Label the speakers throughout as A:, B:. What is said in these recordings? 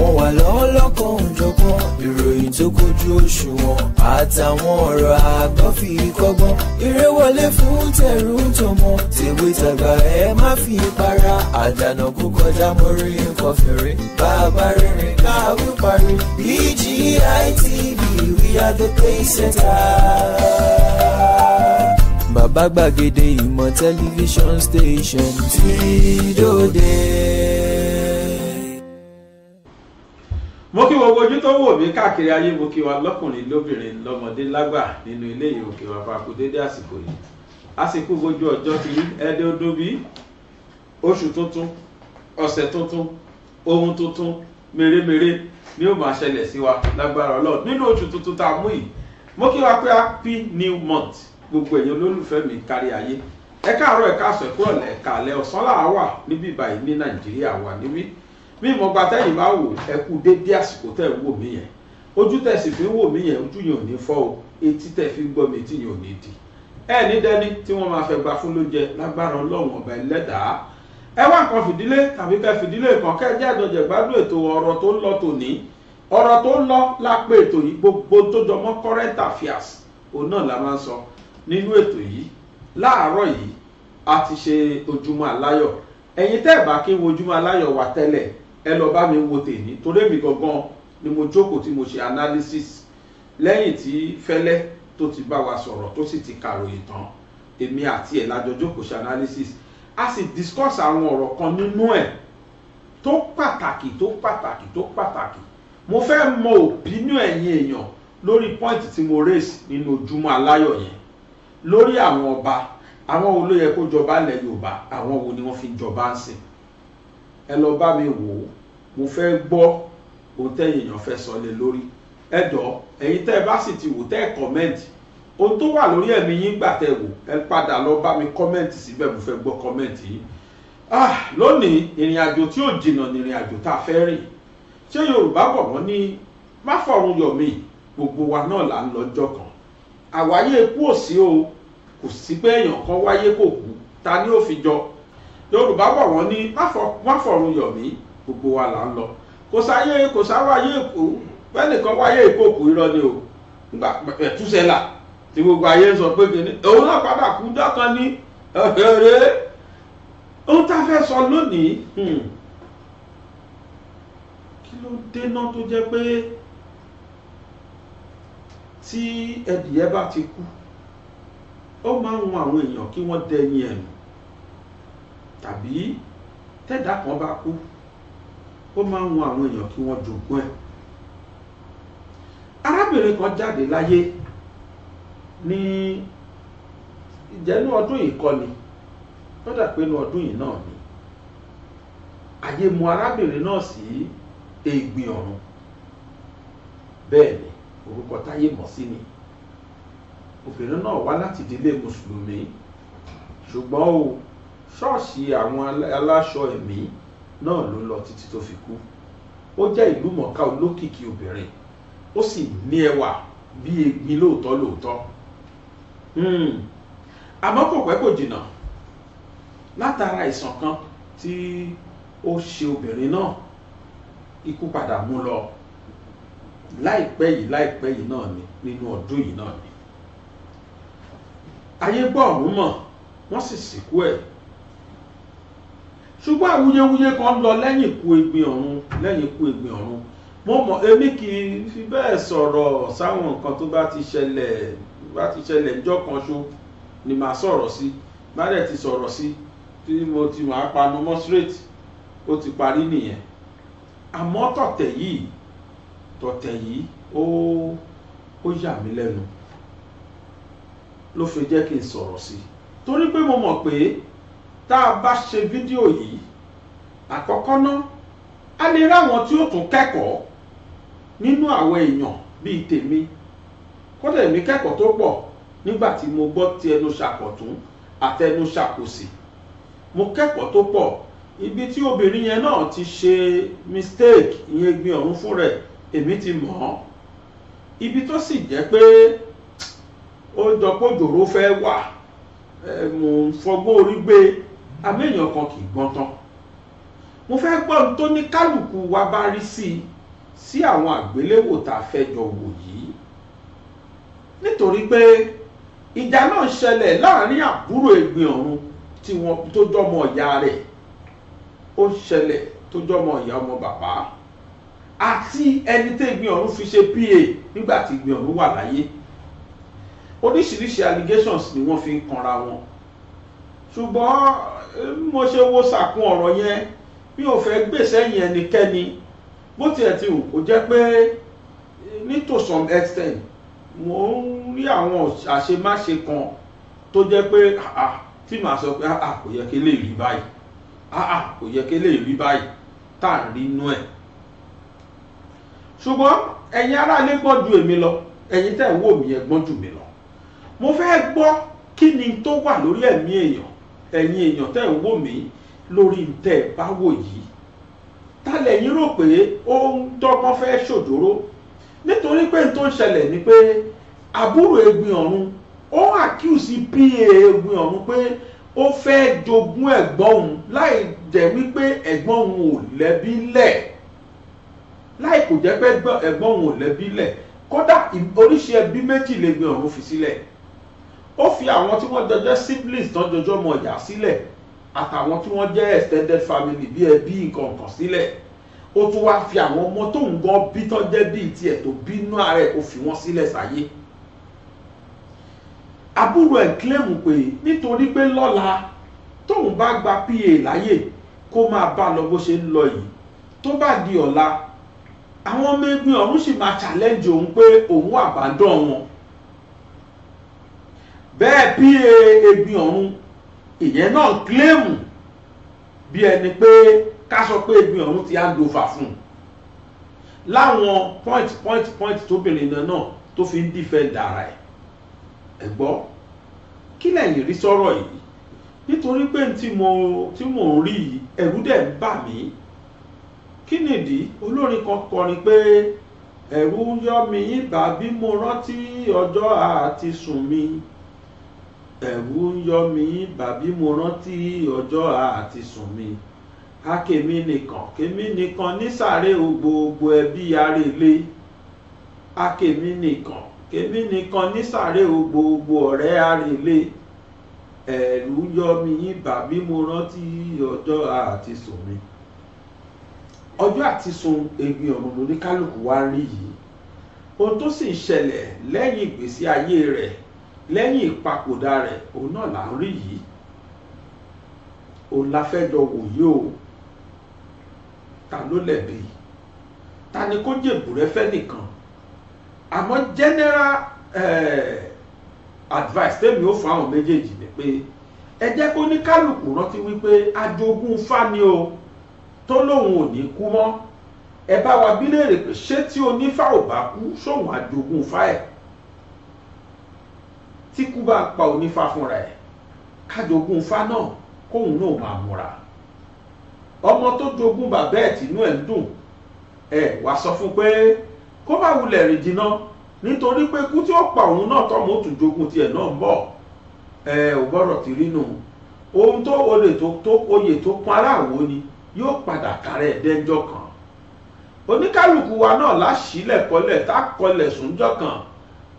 A: wọ́n wà lọ́wọ́ lọ́kọ̀ òjọ̀gbọ́n ìròyìn tó kojú òṣùwọ̀n àtàwọn ọ̀rọ̀ àgbọ́ kọ́gbọ́n eré wọlé fún tẹ̀rù tọmọ tèwe tàgbà ẹ má fi para àdànà kó kọjá mọ́rí nǹkan fèrè bàbá rìnrìn káwí parí BGI we are the pace center, bàbá gbàgede
B: ìmọ̀ tẹlifíṣọ̀n station tí dòde. mo kí wo ojú tó wò mí káàkiri ayé mo kí wa lọ́kùnrin lóbìnrin lọ́mọdé lágbà nínú ilé yìí òkè wa fàákù dédé àsìkò yìí àsìkò gbójú ọjọ́ ti rí ẹdẹ́ odó bí oṣù tuntun ọ̀sẹ̀ tuntun ohun tuntun mèremère ni ó máa ṣẹlẹ̀ sí wa lágbára ọlọ́run nínú oṣù tuntun tá a mú yìí mo kí wa pé happy new month gbogbo ẹ̀yin olólùfẹ́ mi kárí ayé ẹ káàárọ̀ ẹ káàsọ̀ ẹ kúrọ̀lẹ́ ẹ káalẹ́ ọ̀sán làá wà níbí báyìí ní nàìjíríà wà níbí bí ìmọ̀gbà tẹ́yìn bá wò ẹ kú dédé àsìkò tẹ́ wò mí yẹn ojú tẹ́ sì fi ń wò mí yẹn ojú yẹn ò ní fọ́ o etí tẹ́ fi ń gbọ́ mi etí yẹn ò ní di ẹ ní dání tí wọ́n máa fẹ́ gba fún lóúnjẹ lágbára ọlọ́run ọba ẹlẹ́dàá ẹ wá nǹkan fìdílé tàbí kẹ́ fìdílé kan kẹ́ jẹ́ àjọjẹ gbádùn ètò ọ̀rọ̀ tó ń lọ tòní ọ̀rọ̀ tó ń lọ lápè ètò yìí gbogbo tó jọmọ́ current affairs òun náà la máa ń sọ nínú ètò yìí láàárọ̀ yìí a ti ṣe ojúmọ́ aláyọ̀ ẹ̀yin tẹ́ ẹ̀ bá kí n wo ojúmọ́ aláyọ̀ wa tẹ́lẹ̀ ẹ lọ bá mi wo tèmi torí èmi gangan ni mo jókòó tí mo ṣe analysis lẹ́yìn tí fẹ́lẹ́ tó ti bá wa sọ̀rọ̀ tó sì ti kàròyìn tán èmi àti ẹ̀ lájọ jókòó ṣe analysis a sì discuss àwọn ọ̀rọ̀ kan nínú ẹ̀ tó pàtàkì tó pàtàkì tó pàtàkì mo fẹ́ mọ opinion ẹ̀yin èèyàn lórí point tí mo raise nínú ojúmọ́ aláyọ̀ yẹn lórí àwọn ọba àwọn wo ló yẹ kó jọba ilẹ̀ yorùbá àwọn wo ni wọ́n fi jọba ń sìn ẹ lọ bá mi wò ó mo fẹ́ gbọ́ ohun tẹ́yìn èèyàn fẹ́ sọ lé lórí ẹ jọ̀ọ́ ẹ̀yin ẹ bá sì ti wò tẹ́ ẹ kọ́mẹ́ǹtì ohun tó wà lórí ẹ̀mí yín gbà tẹ́ ẹ wò ẹ padà lọ bá mi kọ́mẹ́ǹtì síbẹ̀ mo fẹ́ gbọ́ kọ́mẹ́ǹtì yìí ah lónìí ìrìn àjò tí ò jìnnà ní ìrìn àjò tá a fẹ́ rìn ṣé Yorùbá bọ̀ wọ́n ní má fọ̀run yọ̀ mí gbogbo wa náà là ń lọ́jọ́ kan àwáyé ikú ò o kò sí pé èèyàn kan wáyé kò kú ta ni ó fi jọ yorùbá bọ̀ wọ́n ní máfọ̀rún yọ̀mí gbogbo wa là ń lọ kò sáyé kò sáwáyé èkó fẹ́nìkan wáyé èkó kò o tí gbogbo ayé ń sọ pé kìíní òun náà padà kú ní ẹ̀rẹ́ ohun tá a fẹ́ sọ lónìí hmm, kí ló dénà tó jẹ́ pé tí ẹdìyẹ bá ti kú wọn àwọn èèyàn kí tàbí tẹ́dà kan bá kú ó máa ń wọn àwọn èèyàn kí wọ́n jogún ẹ̀ arábìnrin kan jáde láyé ní ìjẹ́nu ọdún yìí kọ́ ni ó dà pé inú ọdún yìí náà ni ayé mu arábìnrin náà sí ègbìn ọ̀run bẹ́ẹ̀ ni orúkọ táyé mọ̀ sí ni obìnrin náà wá láti ìdílé mùsùlùmí ṣùgbọ́n o ṣọ́ọ̀ṣì àwọn aláṣọ ẹ̀mí náà ló lọ títí tó fi kú ó jẹ́ ìlú mọ̀ọ́ká olókìkí obìnrin ó sì ní ẹwà bí egbin lóòótọ́ lóòótọ́ hmm. àmọ́ kò pẹ́ kò jìnnà látara àìsàn kan tí ó ṣe obìnrin náà ikú padà mú lọ láìpẹ́ yìí láìpẹ́ yìí náà ni nínú ọdún yìí náà ni ayé gbọ́ ọ̀hún mọ̀ wọ́n sì sìnkú ẹ̀ ṣùgbọ́n àwuyewuye kan lọ lẹ́yìn ikú Egbin Ọ̀run lẹ́yìn ikú Egbin Ọ̀run mo mọ̀ èmi kì í fi bẹ́ẹ̀ sọ̀rọ̀ sáwọn nǹkan tó bá ti ṣẹlẹ̀ bá ti ṣẹlẹ̀ ńjọ́ kan ṣo ni màá sọ̀rọ̀ sí bá dẹ̀ ti sọ̀rọ̀ sí tí mo ti máa panu mọ́ straight ó ti parí nìyẹn àmọ́ tọ̀tẹ̀ yìí tọ̀tẹ̀ yìí ó ó yà mí lẹ́nu ló fi jẹ́ kí n sọ̀rọ̀ sí torí pé mo mọ̀ pé tá a bá ṣe fídíò yìí àkọ́kọ́ ná a lè ráwọn tí ó tún kẹ́kọ̀ọ́ nínú àwọn èèyàn bíi tèmi kódà èmi kẹ́kọ̀ọ́ tó pọ̀ nígbà tí mo gbọ́ ti ẹnu ṣàkọ̀tún àtẹnu ṣàkòsì mo kẹ́kọ̀ọ́ tó pọ̀ ibi tí obìnrin yẹn náà ti ṣe mistake ìyẹn gbin ọ̀run fún rẹ̀ èmi ti mọ̀ ọ́ ibi tó sì jẹ́ pé ó jọ pé òjòrò fẹ́ wà mo fọgbọ́n orí gbé e àmẹ́yàn kan kì í gbọ́n tán mo fẹ́ gbọ́ ohun tó ní kálukú wa bá rí sí i sí àwọn àgbéléwò tá a fẹ́ jọ wò yìí nítorí pé ìjà náà ṣẹlẹ̀ láàrin àbúrò Ẹ̀gbin Ọ̀run tí wọ́n tó jọmọ ìyá rẹ̀ ó ṣẹlẹ̀ tó jọmọ ìyá ọmọ bàbá àti ẹni tí Ẹ̀gbin Ọ̀run fi ṣe pa nígbà tí Ẹ̀gbin Ọ̀run wà láyé oríṣiríṣi allegations ni wọ́n fi ń kanra wọn ṣùgbọ́n mo ṣe wo sàkún ọ̀rọ̀ yẹn mi ò fẹ́ gbèsè yẹn ẹnikẹ́ni bó tiẹ̀ ti wù kó jẹ́ pé ní to some extent mo ń rí àwọn àṣemáṣe kan tó jẹ́ pé tí màá sọ pé kò yẹ kí lè rí báyìí kò yẹ kí lè rí báyìí tá à ń rí inú ẹ̀ ṣùgbọ́n ẹ̀yin aráalé gbọ́n ju èmi lọ ẹ̀yin tẹ̀ ń wò mí ẹ̀ gbọ́n jù mí lọ mo fẹ́ gbọ́ kí ni tó wà lórí ẹ̀mí èèyàn ẹ̀yin èèyàn tẹ́ ń wò mí lórí tẹ́ ẹ bá wò yìí tálẹ̀ yín rò pé ó ń dọ́gbọ́n fẹ́ ṣòjóró nítorí pé n tó ń ṣẹlẹ̀ ni pé àbúrò Egbin Ọ̀run ó àkíyèsí pa Egbin Ọ̀run pé ó fẹ́ jogún ẹ̀gbọ́n òun láì jẹ́ wípé ẹ̀gbọ́n òun ò lẹ́bí lẹ̀ láì kò jẹ́ pé ẹ̀gbọ́n òun ò lẹ́bí lẹ̀ kódà oríṣi ẹbí méjì l'Egbin Ọ̀run fi sílẹ̀. Si ó fi àwọn tí wọ́n jọjọ́ siblings tán jọjọ́ mọ ìyá sílẹ̀ àtàwọn tí wọ́n jẹ́ extended family bí ẹbí nǹkan kan sílẹ̀ ó tún wá fi àwọn ọmọ tó ń gan bí tán jẹ́ bíi tiẹ̀ tó bínú ara ẹ̀ kó fi wọ́n sílẹ̀ sáyé àbúrò ẹ̀ kílẹ̀mù pé nítorí pé lọ́la tóun bá gba pa láyè kó máa bá lọ bó ṣe ń lọ yìí tó bá di ọ̀la àwọn ọmọ ẹgbẹ́ ọ̀run sì máa challenge òun pé òun àbádọ́ wọn bẹ́ẹ̀ pa ebi Ọ̀run ìyẹn náà kílẹ̀mù bí ẹni pé ká sọ pé Egbin Ọ̀run ti hand over fún un láwọn point point point tóbìnrin náà náà tó fi ń defend ara ẹ̀ ẹ̀ gbọ́ kí lẹ́yìn rí sọ́rọ̀ yìí nítorí pé tí mo tí mo ń rí yìí ẹ̀rú dẹ̀ ń bà mí kí nìdí olórin kan kọrin pé ẹ̀rù yọ mi yín bàbí mo rántí ọjọ́ àti sùn mi ẹ̀rù ń yọ mí bàbí mo rántí ọjọ́ àti sùn mi ká kèmí nìkan kèmí nìkan nísàárè o gbogbo ẹbí arélé ká kèmí nìkan kèmí nìkan nísàárè o gbogbo ọ̀rẹ́ arélé ẹ̀rù ń yọ mí bàbí mo rántí ọjọ́ àti sùn mi ọjọ́ àti sùn egbin ọ̀run lóníkálùkù wá rí yìí ohun tó sì ń ṣẹlẹ̀ lẹ́yìn ìgbésí ayé rẹ̀ lẹ́yìn ìpapòdà rẹ̀ òun náà là ń rí yìí òun la fẹ́ jọ wòye o ta ló lẹ̀bi ta ni kó jèbù rẹ fẹ́ nìkan àmọ́ general eh, advice tèmi ó fún àwọn méjèèjì ni pé ẹ jẹ́ kó ní kálukú rántí wípé ajogún fani o tó lóun ò ní kú mọ́ ẹ bá wa bí léèrè pé ṣé tí onífà ò bá kú sóun ajogún fáẹ̀. E tí kú bá pa onífá fúnra ẹ̀ kájogún fá náà kóun náà máa múra ọmọ tó jogún bàbá ẹ̀ tínú ẹ̀ ń dùn ẹ̀ wá sọ fún pé kó má wulẹ̀ rìn jìnnà nítorí pé kú tí ó pa òun náà tọ́mọ ó tún jogún tiẹ̀ náà ń bọ̀ ẹ ò gbọ́dọ̀ ti rí nù ohun tó olè tó oyè tó pọn aráàwọ̀ ni yóò padà kárẹ̀ dẹ́jọ́ kan oníkálukú wa náà láṣìílẹ̀ kọlẹ̀ tá kọlẹ̀ sùnjọ́ kan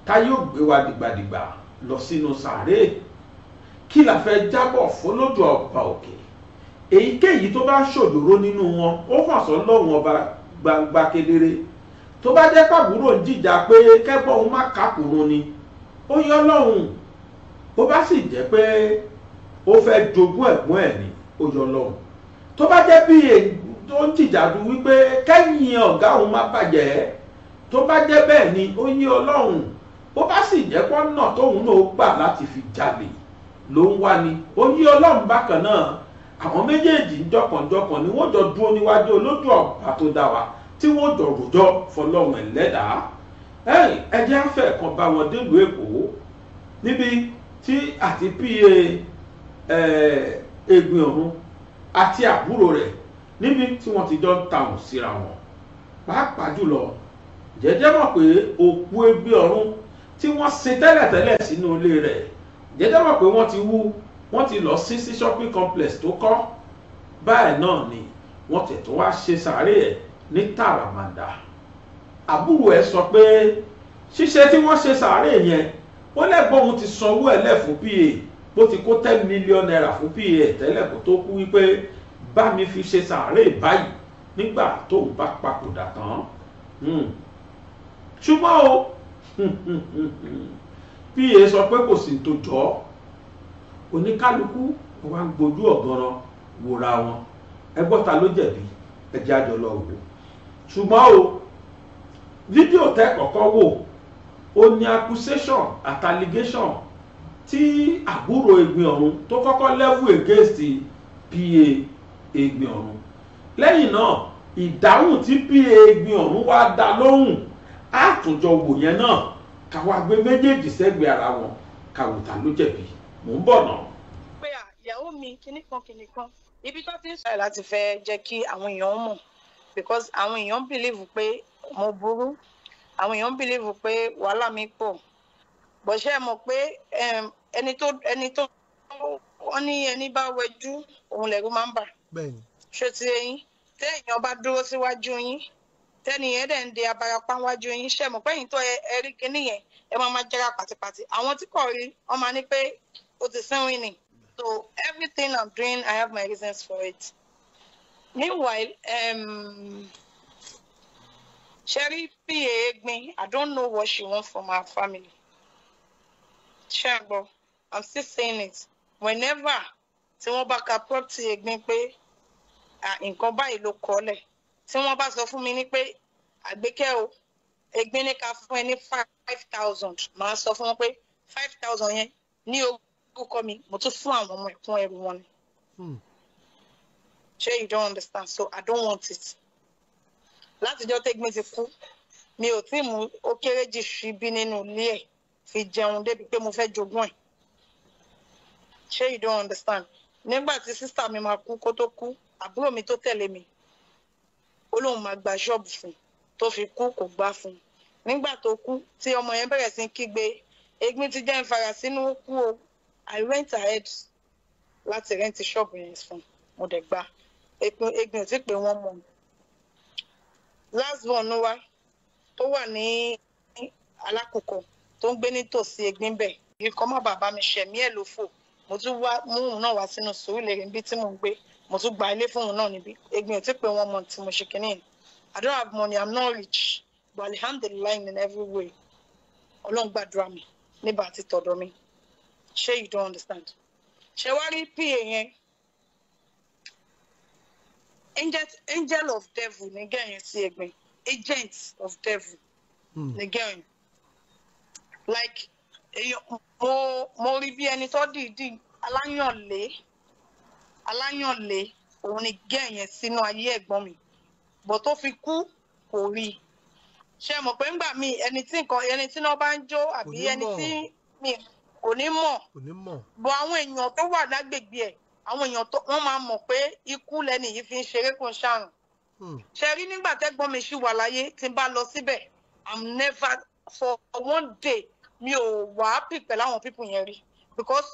B: tá yóò gbé wa dìgbàdìgbà. digba lọ sínú sàárè kí la fẹ́ jábọ̀ fọlójú ọba òkè èyíkéyìí tó bá ṣòdòrò nínú wọn ó hàn sọ lọ́wọ́n ọba gbangba kedere tó bá jẹ́ pàbúrò ń jìjà pé kẹ́gbọ́n òun má kàkùrún ni ó yọ lọ́hùn bó bá sì jẹ́ pé ó fẹ́ jogún ẹ̀gbọ́n ẹ̀ ni ó yọ lọ́hùn tó bá jẹ́ bí tó ń jìjà du wípé kẹ́yìn ọ̀gá òun má bàjẹ́ tó bá jẹ́ bẹ́ẹ̀ ni ó yí ọlọ́hùn bó bá sì jẹ́ pọ́nà tóun náà gbà láti fi jalè ló ń wá ni ó ní ọlọ́run bákan náà àwọn méjèèjì ń ni wọ́n jọ dúró níwájú olójú ọba tó dá wa tí wọ́n jọ ròjọ́ fọlọ́run ẹlẹ́dàá ẹjẹ́ afẹ́ kan bá wọn délùú èkó níbi tí àti pa egbin ọ̀run àti àbúrò rẹ̀ níbi tí wọ́n ti jọ ń tàùn síra wọn pàápàá jùlọ jẹ́jẹ́ mọ̀ pé òkú egbin ọ̀run tí wọ́n ṣe tẹ́lẹ̀tẹ́lẹ̀ sínú ilé rẹ̀ jẹ́jẹ́ mọ̀ pé wọ́n ti wú wọ́n ti lọ sí sí shopping complex tó kọ́ báyìí náà ni wọ́n tẹ̀ tó wá ṣe sàárè ẹ̀ ní tààràmàdà àbúrò ẹ̀ sọ pé ṣíṣe tí wọ́n ṣe sàárè yẹn ó lẹ́gbọ́n òun ti sanwó ẹ̀ lẹ̀ fún pa bó ti kó ten million naira fún pa tẹ́lẹ̀ kó tó kú wípé bá mi fi ṣe sàárè báyìí nígbà tóun bá papòdà tán hmm. ṣùgbọ́n o pa sọ pé kò sì tó jọ oníkálukú wa ń gbojú ọ̀gànràn wòra wọn ẹgbọ́ta ló jẹ̀bi ẹjẹ́ àjọ lọ wò ṣùgbọ́n o fídíò tẹ́ kọ́kọ́ wò ó ní accusation àti allegation tí àbúrò Egbin Ọ̀run tó kọ́kọ́ level against pa Egbin Ọ̀run lẹ́yìn náà ìdáhùn tí pa Egbin Ọ̀run wá dá lóhùn àtúnjọ wò yẹn náà káwa gbé méjèèjì sẹ́gbẹ̀ẹ́ ara wọn káwò ta ló jẹ̀bi mò ń bọ̀ náà.
C: pé ìyàwó mi kìnnìkan kìnnìkan ibi tó ti ń sọ̀rọ̀ láti fẹ́ jẹ́ kí àwọn èèyàn mọ̀ because àwọn èèyàn bìlíìfù pé mo burú àwọn èèyàn bìlíìfù pé wàhálà mi pọ̀ bọ̀ṣẹ́ mọ̀ pé ẹni tó ẹni tó wọ́n ní ẹni bá wẹjú òun lẹ́rú máa ń bà ṣé ti eyín téèyàn bá dúró síwájú yín tẹ́ni yẹn dẹ̀ ń de abarapá wájú yín ṣẹ̀mọ̀ pẹ́yìn tó ẹ rí kinní yẹn ẹ máa máa jẹ́ra pàtìpàtì àwọn tí kò rí wọ́n máa ní pé o ti sínwìn ni so everything I'm doing I have my reasons for it meanwhile ṣẹ́rí pa egbin I don't know what she want from her family ṣẹ́gbọ́ I'm still saying it whenever tí wọ́n bá ka property egbin pé nǹkan báyìí ló kọ́ lẹ̀ tí wọ́n bá sọ fún mi ní pé àgbékẹ́ o ẹgbẹ́ ní ká fún ẹ ní five thousand màá sọ fún wọn pé five thousand yẹn ní orúkọ mi mo tún fún àwọn ọmọ ẹ̀kún ẹrù wọn ni. Hmm. ṣé you don't understand so I don't want it. látijọ́ tẹ́gbìn ti kú mi ò tí mú ó kéré jù sí bí nínú ilé ẹ̀ fi jẹun débi pé mo fẹ́ jogún ẹ̀. ṣé you don't understand. nígbà tí sísá mi máa kú kó tó kú àbúrò mi tó tẹ̀lé mi ó máa gba ṣọ́ọ̀bù fún tó fi kú kò gbà fún nígbà tó kú tí ọmọ yẹn bẹ̀rẹ̀ sí kígbe egbin ti jẹ́ ń fara sínú kú o i rent ahead láti rẹ́ǹtì ṣọ́ọ̀bù yẹn fún mo dẹ̀ gba egbin ò tí pé wọ́n mọ̀ last born wa tó wà ní alákòókò tó ń gbé nítòsí egbin bẹ̀ ikọ́ má bàbá mi ṣẹ̀mí ẹ̀ ló fò mo tún wá mú òun náà wá sínú sùúrù lèrè níbi tí mò ń gbé mo tún gba ilé fóun náà níbí egbin ò tí pé wọn mọ tí mo ṣe kínní I don't have money I'm not rich but line in every way ọlọ́run gbàdúrà mi níbà àti tọ̀dọ̀ mi ṣé you don't understand ṣé wàá rí pa yẹn angel angel of devil ní gẹ̀ yẹn sí egbin agent of devil hmm. ní gẹ̀ like mo mo rí bí ẹni tó dìídì aláyànlé aláyànlé òun ni gẹ́ẹ̀ yẹn sínú ayé ẹ̀gbọ́n mi bọ̀ tó fi kú kò rí i ṣe mọ̀ pé ńgbà míì ẹni tí nǹkan ẹni tí náà bá ń jó àbí ẹni tí mi kò ní mọ̀ bọ̀ àwọn èèyàn tó wà lágbègbè ẹ̀ àwọn èèyàn tó wọ́n máa mọ̀ pé ikú lẹ́ni yìí fi ń ṣeré kò ń ṣàrùn hmm. ṣe rí nígbà tẹ́gbọ́n mi ṣì wà láyé tí n bá lọ síbẹ̀ i'm never for one day mi ò wá pì pẹ̀lú àwọn yẹn rí because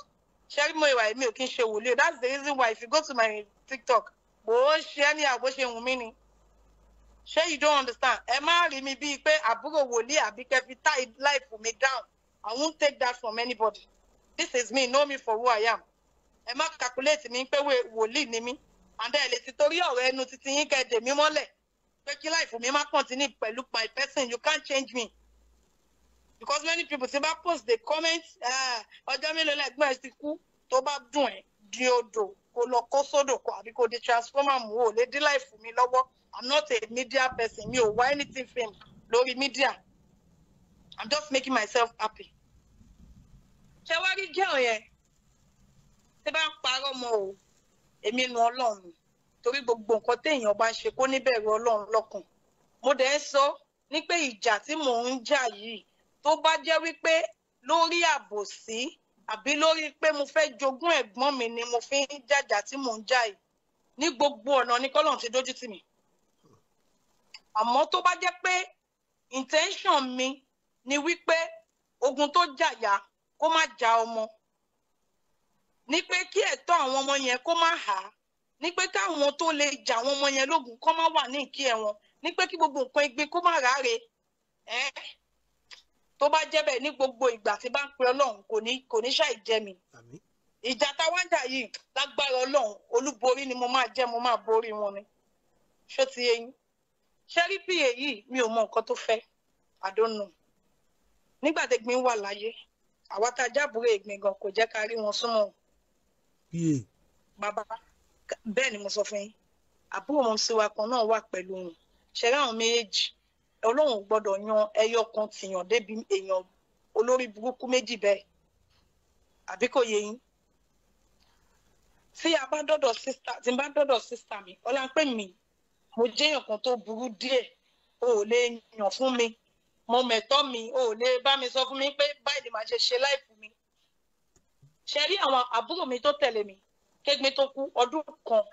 C: ṣẹ́rí mo ìwà mi ò kí ń ṣe wòlíì that's the reason why if you go to my tiktok bó ṣe ní àbó ṣe wù mí ni ṣé you don't understand ẹ má rí mi bíi pé àbúrò wòlíì àbí kẹfì tie life mi down i won't take that from anybody this is me know me for who i am ẹ má calculate mi pé wòlíì ni mí and ẹ lè ti torí ọ̀rọ̀ ẹnu titi yín kẹ́ dè mí mọ́lẹ̀ pé kí life mi má continue pẹ̀lú my person you can't change me because many people ti bá post the comment ah, ọjọ́ mélòó lẹ́gbọ́n ẹ ti kú tó bá dùn ẹ́ di odò kó lọ kó sódò kó àbí kó di transformer mú o lè dí láìfù mi lọ́wọ́ i'm not a media person mi ò wá anything fame lórí media i'm just making myself happy. ṣé wàá rí jẹ́ òyìn tí bá ń parọ́ mọ́ o èmi nu ọlọ́run torí gbogbo nǹkan téèyàn bá ń ṣe kó níbẹ̀rù ọlọ́run lọ́kàn mo dẹ̀ ń sọ ní ìjà tí mò ń jà yìí tó bá jẹ́ wípé lórí àbòsí àbí lórí pé mo fẹ́ jogún ẹ̀gbọ́n mi ni mo fi ń jàjà tí mò ń jà yìí ní gbogbo ọ̀nà ni kọ́lọ́n ti dójú tì mi àmọ́ tó bá jẹ́ pé intention mi ni wípé ogun tó jàyà kó má ja ọmọ ní pé kí ẹ̀tọ́ àwọn ọmọ yẹn kó má hà á ní pé káwọn tó lè jà àwọn ọmọ yẹn lógun kó má wà ní ìkí ẹ̀ wọn pé kí gbogbo nǹkan igbe kó má ráre eh? tó bá jẹ́ bẹ́ẹ̀ ní gbogbo ìgbà tí bá ń pe ọlọ́run kò ní kò ní ṣàì jẹ́ mi ìjà táwájà yìí lágbára ọlọ́run olúborí ni mo máa jẹ́ mo máa borí wọn ni ṣó ti yé yín ṣẹ́rí pa èyí mi ò mọ nǹkan tó fẹ́ àdónù nígbà tí gbin wà láyé àwa tá a jábúrò ègbin gan kò jẹ́ ká rí wọn súnmọ́ bàbá bẹ́ẹ̀ ni mo sọ fún yín àbúrò wọn sí wa kan náà wà pẹ̀lú wọn ṣẹ́rí àwọn méjèèjì ọlọ́run gbọ́dọ̀ yan ẹyọ kan tìyàn débi èèyàn olórí burúkú méjì bẹ́ẹ̀ àbí kò yé yín tí a bá dọ́dọ̀ sísá tí n bá dọ́dọ̀ sísá mi ọláńpẹ mi mo jẹ́yàn kan tó burú díẹ̀ o ò lè yàn fún mi mo mẹ̀tọ́ mi o ò lè bá mi sọ fún mi pé báyìí ni màá ṣe ṣe láìpù mi ṣe rí àwọn àbúrò mi tó tẹ̀lé mi kégbé tó kú ọdún kan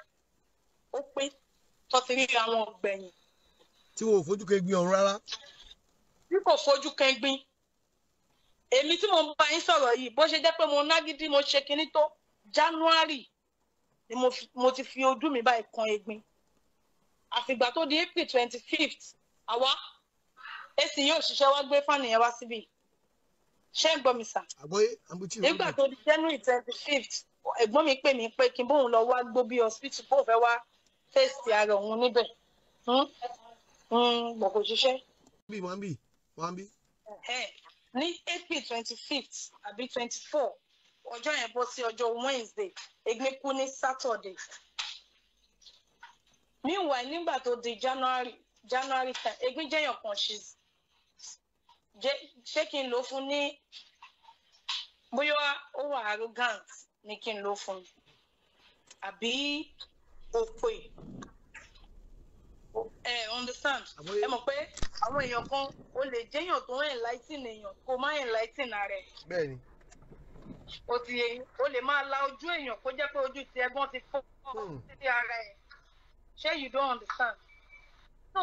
C: ó pé tó rí àwọn gbẹ̀yìn tí wọn ò fojú kẹgbin ọ̀run rárá. bí kò fojú kẹgbin èmi tí mo bá yín sọ̀rọ̀ yìí bó ṣe jẹ́ pé mo nágídí mo ṣe kinní tó January ni mo ti fi ojú mi báyìí kan egbin àfìgbà tó di April twenty fifth àwa èsì yóò ṣiṣẹ́ wá gbé fáànì yẹn wá síbí ṣé ń gbọ́ mi sà. àgbọ̀yé àbútí ìwé. nígbà tó di January twenty fifth ẹ̀gbọ́n mi pè mí pé kí n bóun lọ wá gbó bí hospital bóun fẹ́ wá tẹ́sítì ara òun níbẹ̀ hmm? bọ̀ hmm, kò ṣiṣẹ́. wọ́n bí wọ́n bí wọ́n bí. ní april twenty fifth àbí twenty four ọjọ́ yẹn bọ́ sí ọjọ́ wednesday Egbe kú ní saturday. meanwhile nígbà tó di january january ten Egbe jẹ́yàn kan ṣe kí n lò fún ní bóyá ó wà arrogant ni kí n lò fún àbí òpè ẹ understand ẹ mọ̀ pé àwọn èèyàn kan o lè jẹ́yàn tó enlighten èèyàn kó má enlighten ara ẹ̀. bẹ́ẹ̀ni. o ti o lè máa la ojú èèyàn kó jẹ́ pé ojú ti ẹ̀gbọ́n ti fọ́ hmm. sí ara ẹ̀ ṣé you don't understand. so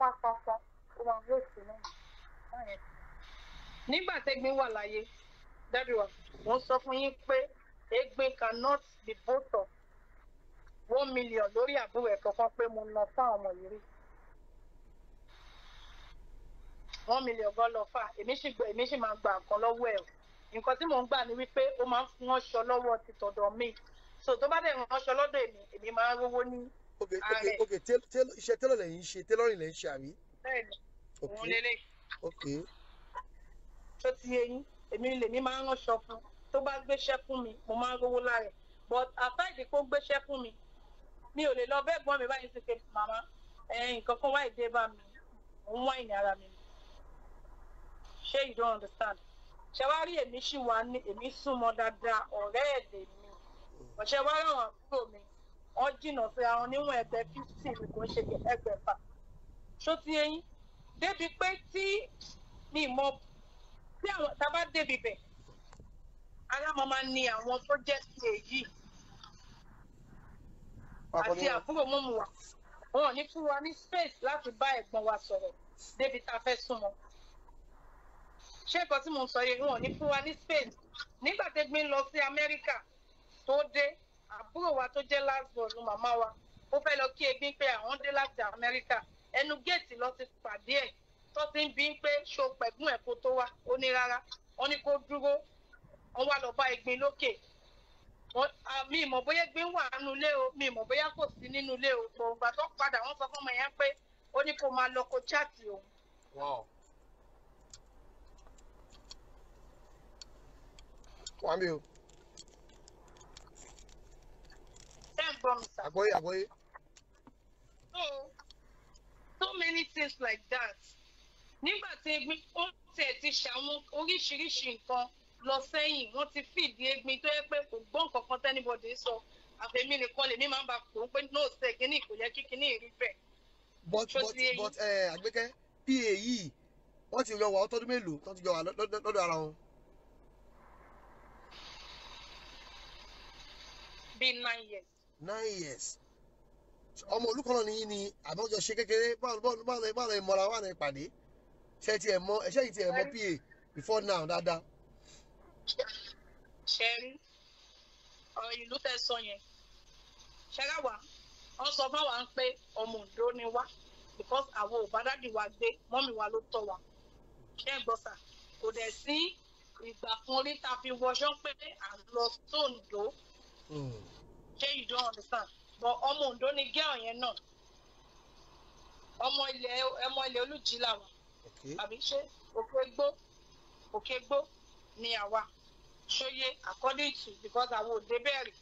C: pápápá ó máa wé sí lẹ́yìn. nígbà tẹ́gbin wà láyé dáríwá mo sọ fún yín pé egbin cannot be both of one million lórí àbúrò ẹ̀ kankan pé mo lọ fún àwọn ọmọ yìí rí one million gan lọ fà èmi sì gbọ́ èmi sì máa gba nǹkan lọ́wọ́ ẹ̀ nǹkan tí mò ń gbà ni wípé ó máa ń fún ọṣọ lọ́wọ́ ti tọ̀dọ̀ mi so tó bá dẹ̀ ń ránṣọ lọ́dọ̀ èmi èmi máa ń rówó ní ààrẹ. ok ok
B: iṣẹ́ tẹ́lọ̀ lẹ́yìn ṣe tẹ́lọ̀rìn lẹ́yìn ṣe àbí. bẹ́ẹ̀ni òun lélẹ̀. ok.
C: tó ti eyín èmi lèmi máa ń ránṣọ fún tó bá gbéṣẹ́ fún mi mo máa ń rówó lára but aside kó gbéṣẹ́ fún mi mi ò lè lọ bẹ́ẹ̀ gbọ́n mi báyìí ṣe pé màmá nǹkan kan wáyé dé bá mi òun wá ìní ara mi ṣé you don't understand ṣe wá rí èmi ṣì wá ní èmi súnmọ́ dáadáa ọ̀rẹ́ ẹ̀dẹ̀ mi ọ̀ṣẹ́ wá ràn wọ́n kúrò mi wọ́n jìnnà sí àwọn níwọ̀n ẹgbẹ́ fifty mi kò ń ṣe ẹgbẹ̀fà ṣó ti eyín débi pé tí mi mọ tí àwọn tá a bá débi bẹ̀ ara mọ́ máa ni àwọn tó jẹ́ ti èyí àti àbúrò mọ́mú wa wọn ò ní fún wa ní space láti bá ẹ̀gbọ́n wa sọ̀rọ̀ débi tá a fẹ́ sún wọn ṣé nǹkan tí mò ń sọ yìí wọn ò ní fún wa ní space nígbà tí gbin lọ sí Amẹ́ríkà tó dé àbúrò wa tó jẹ́ last born ní màmá wa ó fẹ́ lọ kí egbin pé àwọn dé láti Amẹ́ríkà ẹnu géètì lọ ti pàdé ẹ̀ tó ti ń bí pé ṣo pẹ̀gùn ẹ̀ kó tó wá ó ní rárá wọn ní kó dúró wọn wá lọ bá egbin lókè mi mọ̀ bóyá gbé wà nínú ilé o mi mọ̀ bóyá kò sí nínú ilé o gbọ̀n tó padà wọ́n sọ fún ọmọ yẹn pé ó ní kó máa lọ kó chaàtì o. wàá o. ṣé ń gbọ́ mi
A: sá. àgbóyè àgbóyè.
C: so so many things like that nígbà tí ó tẹ̀ ti ṣàwọn oríṣiríṣi nǹkan lọ sẹ́yìn wọ́n ti fìdí egbin tó yẹ pé kò gbọ́ nǹkan kan tẹ́nibọ̀dì sọ àfẹ́mí nìkan lèmi máa ń bá pò ó pé no ṣe kíní kò yẹ kí kíní rí bẹ́ẹ̀.
A: but but but eh, àgbẹ̀kẹ́ pa yìí wọ́n ti yọ wà ó tọ́dún mélòó tó ti yọ wà lọ́dọ̀ ara wọn.
C: bíi nine years.
A: nine years ọmọ olùkọ́nà ni yín ni àbọ̀jọ ṣe kékeré báwo báwo báwo ẹ mọ̀ra wà ní ìpàdé ṣe ti ẹ̀ mọ ẹ̀ ṣe ti ẹ̀ mọ pa before now dáadáa
C: ṣe rí ọ̀rọ̀ ìlú tẹ́ sọ yẹn ṣẹ́gà wá wọ́n sọ fún wa pé ọmọ Oǹdó ni wá because àwọn ò bá dádì wa gbé mọ́mì wa ló tọ́ wa ṣé ẹ gbọ́ sà kò dẹ̀ sí ìgbà kan rí ta fi wọṣọ pé à ń lọ sóńdó hmm. ṣé you don't understand but ọmọ Oǹdó ni gẹ́ọ̀ yẹn náà ọmọ ilẹ̀ ọmọ ilẹ̀ Olújí làwọn àbí ṣé Òkè Gbó Òkè Gbó ni àwa ṣóyé according to because àwọn òde bẹ́ẹ̀rì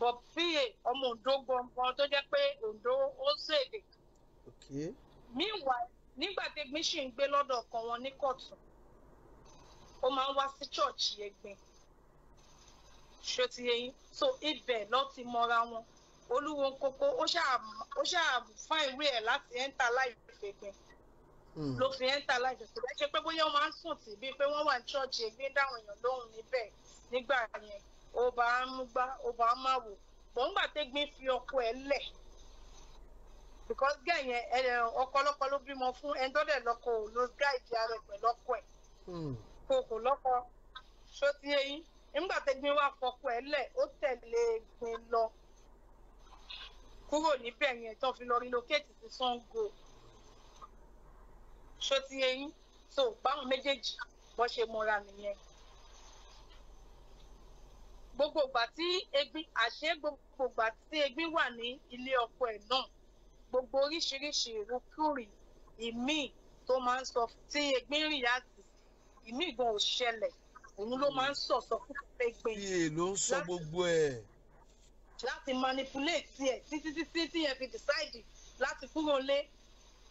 C: but pa ọmọ Ondo gbọ̀ngàn tó jẹ́ pé Ondo ó ṣèdè. meanwhile nígbà tí Egbin ṣì ń gbé lọ́dọ̀ kan wọn ní kóòtù ó máa ń wá sí ṣọ́ọ̀ṣì Egbin ṣó ti yé so ibẹ̀ ló ti mọra wọn olúwo kókó ó ṣáà fún ìwé ẹ̀ láti ẹ́ńtà láì fẹ́ gbìn ló fi ẹ́ńtà láìpẹ́ kò lẹ́ ṣe pé bóyá wọ́n máa ń sùn tì bíi pé wọ́n wà ní ṣọ́ọ̀ṣì ègbé dáwọn èèyàn lóhùn níbẹ̀ nígbà yẹn ó bá ń gbá ó bá fi ọkọ ẹ̀ lẹ̀ because gẹ́ yẹn ọkọlọ́kọ ló bímọ fún ẹni tó dẹ̀ lọ́kọ ò ló gá ìdí ara ẹ̀ pẹ̀lú hmm. ẹ̀ kò lọ́kọ ṣó ti yẹ yín nígbà tẹ́gbin wà fọkọ ẹ̀ lẹ̀ ó tẹ̀lé gbin lọ kúrò níbẹ̀ yẹn tó fi lọ relocate sí Sango ṣó ti eyín so báwọn méjèèjì wọ́n ṣe mọ́ra nìyẹn gbogbo ìgbà tí egbin àṣé gbogbo ìgbà tí egbin wà ní ilé ọkọ ẹ̀ náà gbogbo oríṣiríṣi ìrúkúrì ìmíì tó máa ń sọ tí egbin rìn láti ìmíì gan ò ṣẹlẹ̀ òun ló máa ń sọ sọ fún egbin. iye
B: ló ń sọ gbogbo ẹ̀.
C: láti manipulate ẹ títí títí tí ẹ fi decide láti kúrò lé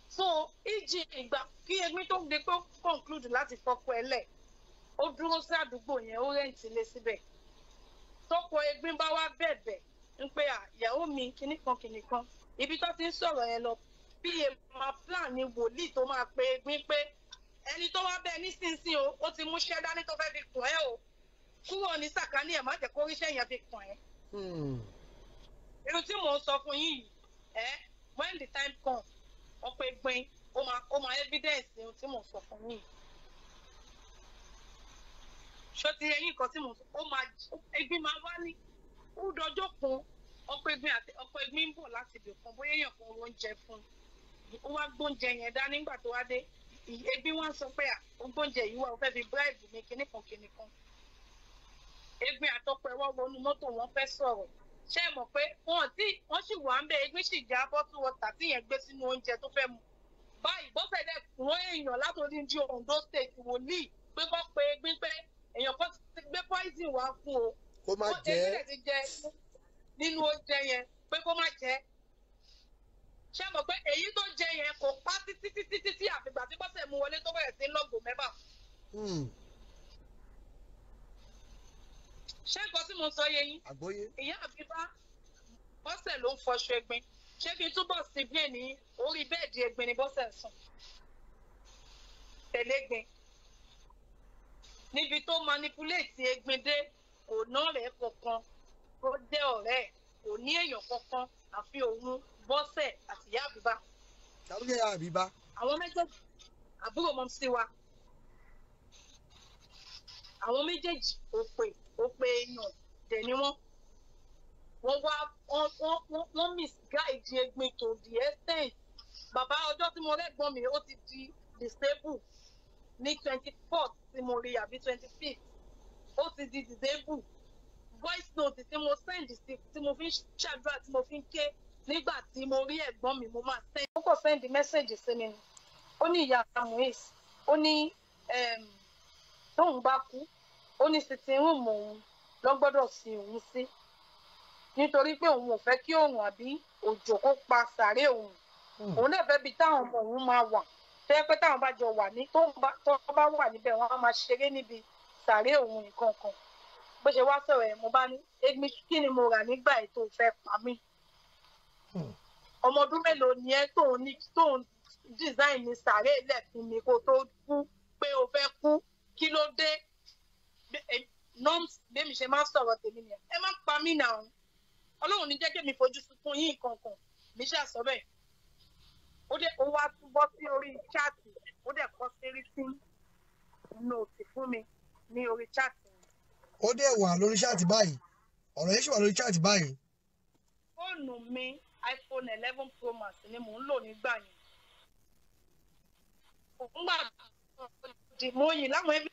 C: so ìjì e ìgbà kí Yẹmí tó di pé conclude láti fọkọ ẹ lẹ̀ ó dúró sí àdúgbò yẹn ó rẹ́ǹtì lé síbẹ̀ tọkọ Yẹmí bá wá bẹ̀bẹ̀ ń pé ìyàwó mi kìnnìkan kìnnìkan ibi tó ti ń sọ̀rọ̀ yẹn lọ bí èèmọ̀ plan ni wòlíì tó máa pe Yẹmí pé ẹni tó wá bẹ́ẹ̀ nísinsìnyí o ó ti mú ṣẹ́ dání tó fẹ́ fi kùn ẹ́ o kúrò ní sàkání ẹ̀ má jẹ́ kó ríṣẹ́ yẹn fi kùn ẹ́. Hmm. irun tí mò ń sọ fún yín yìí when the time comes wọ́n pé gbin ó máa ó máa evidence ohun tí mò ń sọ fún yìí ṣó ti ẹyin nǹkan tí mò ń sọ ó máa egbin máa wá ní kúdọjọ́ kan ọ̀pọ̀ egbin àti ọ̀pọ̀ egbin ń bọ̀ láti ibì kan bóyá èèyàn kan oúnjẹ fún un ó wá gbóúnjẹ yẹn dá nígbà tó wá dé egbin wá ń sọ pé gbóúnjẹ yìí wà ó fẹ́ fi bíráìbù mi kíní kan kíní kan egbin àtọpọ̀ ẹ̀wọ́ wọnú mọ́tò wọn fẹ́ sọ̀rọ̀ ṣé ẹ mọ̀ pé wọ́n tí wọ́n sì wà ń bẹ egbin sì já bottle water tí yẹn gbé sínú oúnjẹ tó fẹ́ mu báyìí bó fẹ́ èèyàn látòdì di Ondo state wòlíì pé kọ́ pé egbin èèyàn kan ti gbé poison wá fún o kó má jẹ́ egbin ti jẹ nínú oúnjẹ yẹn pé kó má jẹ́ ṣé mọ̀ pé èyí tó jẹ yẹn kò pa títí títí títí àfìgbà tí bọ́sẹ̀ mu wọlé tó bẹ̀rẹ̀ sí lọ́gbọ̀n mẹ́fà. Hmm ṣé nǹkan tí mo sọ yé yín ìyá àbíbá bọ́sẹ̀ ló ń fọṣọ ẹgbin ṣé kí n túbọ̀ sí gbé ní orí bẹ́ẹ̀dì ẹgbin ni bọ́sẹ̀ ń sùn tẹ̀lé gbin níbi tó manipulate ẹgbin dé kò ná ọ̀rẹ́ kankan kó jẹ́ ọ̀rẹ́ kò ní èèyàn kankan àfi òun bọ́sẹ̀ àti ìyá àbíbá. ṣàlùyẹ ìyá àbíbá. àwọn méjèèjì àbúrò mọ́ sí wa àwọn méjèèjì ò pè òpè èèyàn dẹ̀ ni wọ́n wọ́n wá wọ́n misguide Egbin to the extent bàbá ọjọ́ tí mo rẹ́gbọ́n mi ó ti di disable ní twenty fourth tí mo rí àbí twenty fifth ó ti di disable voice note tí mo send sí tí mo fi ń ṣàdúrà tí mo fi ń ké nígbà tí mo rí ẹ̀gbọ́n mi mo máa send. ó kò send message sí mi ni ó ní ìyá Muiz ó ní ehm, tóun bá kú ó ní sitin rúùmù òun ló gbọ́dọ̀ sin òun sí nítorí pé òun ò fẹ́ kí òun àbí òjò kó pa sàárè òun hmm. òun náà fẹ́ bi táwọn ọmọ òun máa wà fẹ́ pé táwọn bá jọ wà ní tó bá wà níbẹ̀ wọ́n á máa ṣeré níbi sàárè òun nìkan kan bó ṣe wá sọ̀rọ̀ ẹ̀ mo bá ní egmi kí ni mo rà nígbà ẹ̀ tó fẹ́ pa mí hmm. ọmọ ọdún mélòó ni ẹ tó ń tó ń design ní sàárè lẹ̀ fún mi kó tó kú pé o fẹ́ kú kí ló dé norms bẹ́ẹ̀ mi ṣe máa sọ̀rọ̀ tèmi nìyẹn ẹ má pa mí nà ọ́n ọlọ́run ní jẹ́ kí mi fojú sunkún yín kankan mi ṣe àsọ bẹ́ẹ̀ ó dẹ̀ ó wá túbọ̀ sí orí chaati ó dẹ̀ kọ́ sérí sí nóòtì fún mi ní orí chaati.
B: ó dẹ̀ wà lórí chaati báyìí ọ̀rọ̀ yẹn ṣì wà lórí chaati báyìí.
C: fóònù mi iphone eleven pro max ni mò ń lò nígbà yẹn. òun gbà di mọ́yìn láwọn fb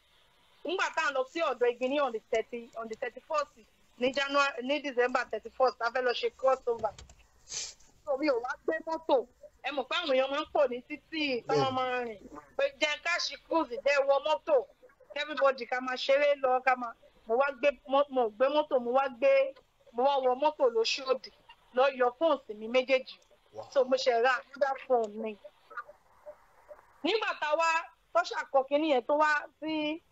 C: ńgbà tá à ń lọ sí ọ̀dọ̀ igi ní on the thirty on the thirty first ní january ní december thirty first a fẹ́ lọ ṣe crossover so mi ò wá gbé mọ́tò ẹ mọ̀ pé àwọn èèyàn máa ń pọ̀ ní títì táwọn máa ń rìn pé jẹ́ káàṣì cruise jẹ́ wọ mọ́tò everybody ká máa ṣeré lọ ká máa mo wá gbé mo gbé mọ́tò mo wá gbé mo wá wọ mọ́tò lóṣòdì lọ yọ fóònù mi méjèèjì so mo ṣe ra another phone mi nígbà táwa tọ́ṣà kọ̀kínní yẹn tó wá sí. Si,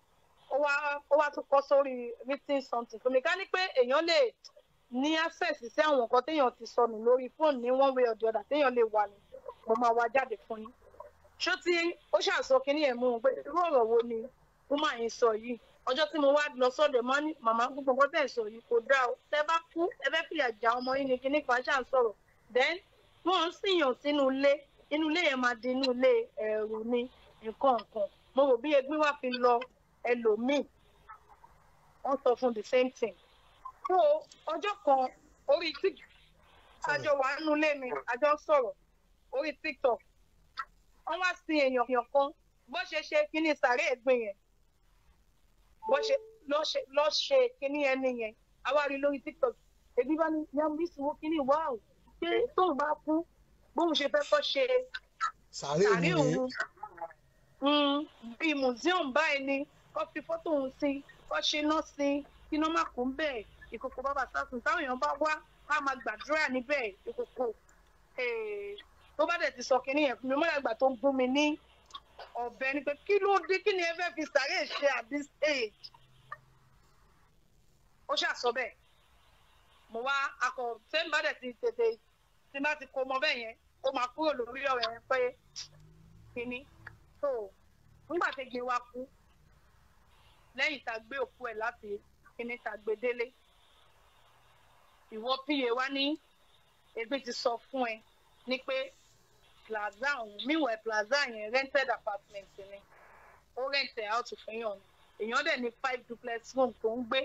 C: ó wá ó wá tún kọ́ sórí written something fún mi ká ní pé èèyàn lè ní access sí àwọn nǹkan téèyàn ti sọnù lórí fóònù ní one way or the other téèyàn lè wà ní mo máa wá jáde fún yín ṣó tí ó ṣàṣọ kínní ẹ̀ mú un pé irú ọ̀rọ̀ wo ni wúmà yín sọ yìí ọjọ́ tí mo wá lọ sọ́dọ̀ mọ́ ní màmá gbogbo nǹkan tẹ̀ sọ yìí kò dáa o tẹ́ bá kú ẹ fẹ́ fìyà jà ọmọ yín ni kínní kan ṣáà ń sọ̀rọ̀ then wọ́n ń sìyàn sínú ilé inú ilé yẹn máa di inú ilé ẹ̀rù ni nǹkan nǹkan mo rò bí egbin wá fi lọ ẹlòmíì wọ́n sọ fún the same thing. so ọjọ́ kan orí tiktok àjọ wà nínú ilé mi àjọ ń sọ̀rọ̀ orí tiktok wọ́n wá sin èèyàn kan bó ṣe ṣe kíní sàárè ẹ̀gbìn yẹn bó ṣe lọ́ ṣe kíní ẹni yẹn àwa rí lórí tiktok èmi bá ní yambisi wo kíní wáò pé tó bá kú bóun ṣe fẹ́ kọ́ ṣe
B: sàárè òun
C: hmm, bíi museum báyìí ni kọ́ fi fọ́tò òun sí kọ́ ṣe iná sí iná má kó ń bẹ̀ ìkòkò bàbá sásùn táwọn èèyàn bá wá ká máa gbàdúrà níbẹ̀ ìkòkò tó bá dẹ̀ ti sọ kínní yẹn fún mi mọ́lá ìgbà tó gún mi ní ọ̀bẹ ni pé kí ló dé kí ni ẹ fẹ́ fi sàárè ṣe at this age ó ṣàsọ bẹ́ẹ̀ mo wá akọ tẹ́ ń bá dẹ̀ ti tètè tí bá ti kó ọmọ bẹ́ẹ̀ yẹn kó máa kúrò lórí ọ̀rẹ́ pé kínní tó nígbà tẹ́gi wa kú lẹ́yìn tá a gbé òkú ẹ̀ láti kíní tá a gbé délé ìwọ píye wá ní ebi ti sọ fún ẹ ní pé plaza ọ̀hún meanwhile plaza yẹn rented apartment ni ó rent ẹ̀ out fún yàn èèyàn dẹ̀ ní five duplex room tó ń gbé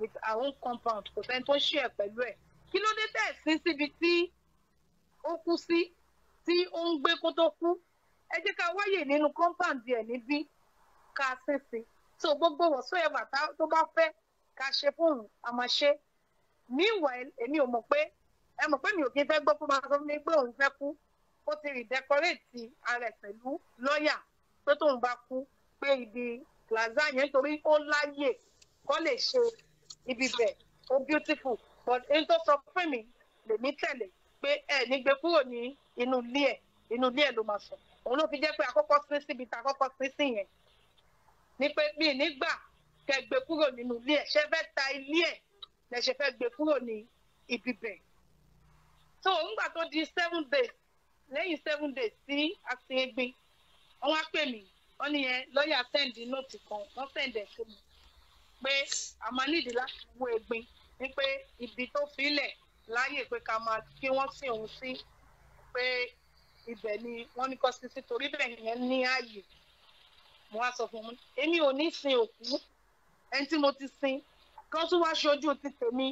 C: with her own compound kò sẹ́ni tó ń ṣe ẹ̀ pẹ̀lú ẹ̀ kí ló dé tẹ̀ sí síbi tí ó kú sí tí ó ń gbé kó tó kú ẹ jẹ́ ká wáyè nínú compound ẹ̀ níbí ká sín so gbogbo whatsoever tó bá fẹ́ ká ṣe fún un a máa ṣe meanwhile èmi ò mọ̀ pé ẹ mọ̀ pé mi ò kí n fẹ́ gbọ́ fún máa sọ fún mi pé òun fẹ́ kú ó ti redecorate ara ẹ̀ pẹ̀lú lọ́ọ̀yà tó tóun bá kú pé ibi plaza yẹn nítorí ó láyè kó lè ṣe ibi bẹ̀ ó beautiful but n tó sọ fún mi lèmi tẹ̀lé pé ẹ ní gbé kúrò ní inú ilé ẹ̀ inú ilé ẹ̀ ló máa sọ òun ló fi jẹ́ pé àkọ́kọ́ sí síbi tá àkọ́kọ́ sí sí yẹn Ni pé mi nígbà kẹ gbé kúrò nínú ilé ẹ̀ ṣe fẹ́ ta ilé ẹ̀ lẹ ṣe fẹ́ gbé kúrò ní ibi so ńgbà tó di seven days lẹ́yìn seven days sí àṣeégbin wọ́n wá pè mí wọ́n níyẹn lọ́ọ̀yà sẹ́ǹdì nóòtì kan wọ́n sẹ́ǹdì ẹ̀ sí mi pé a máa nídìí láti wo egbin ní pé ibi tó filẹ̀ láàyè pé ká máa kí wọ́n sìn òun sí pé ibẹ̀ ni wọ́n ní kọ́ sí sí torí bẹ́ẹ̀ yẹn ní ààyè mo wá sọ fún un èmi ò ní sin òkú ẹni tí mo ti sin kan tún wá ṣojú ti tèmi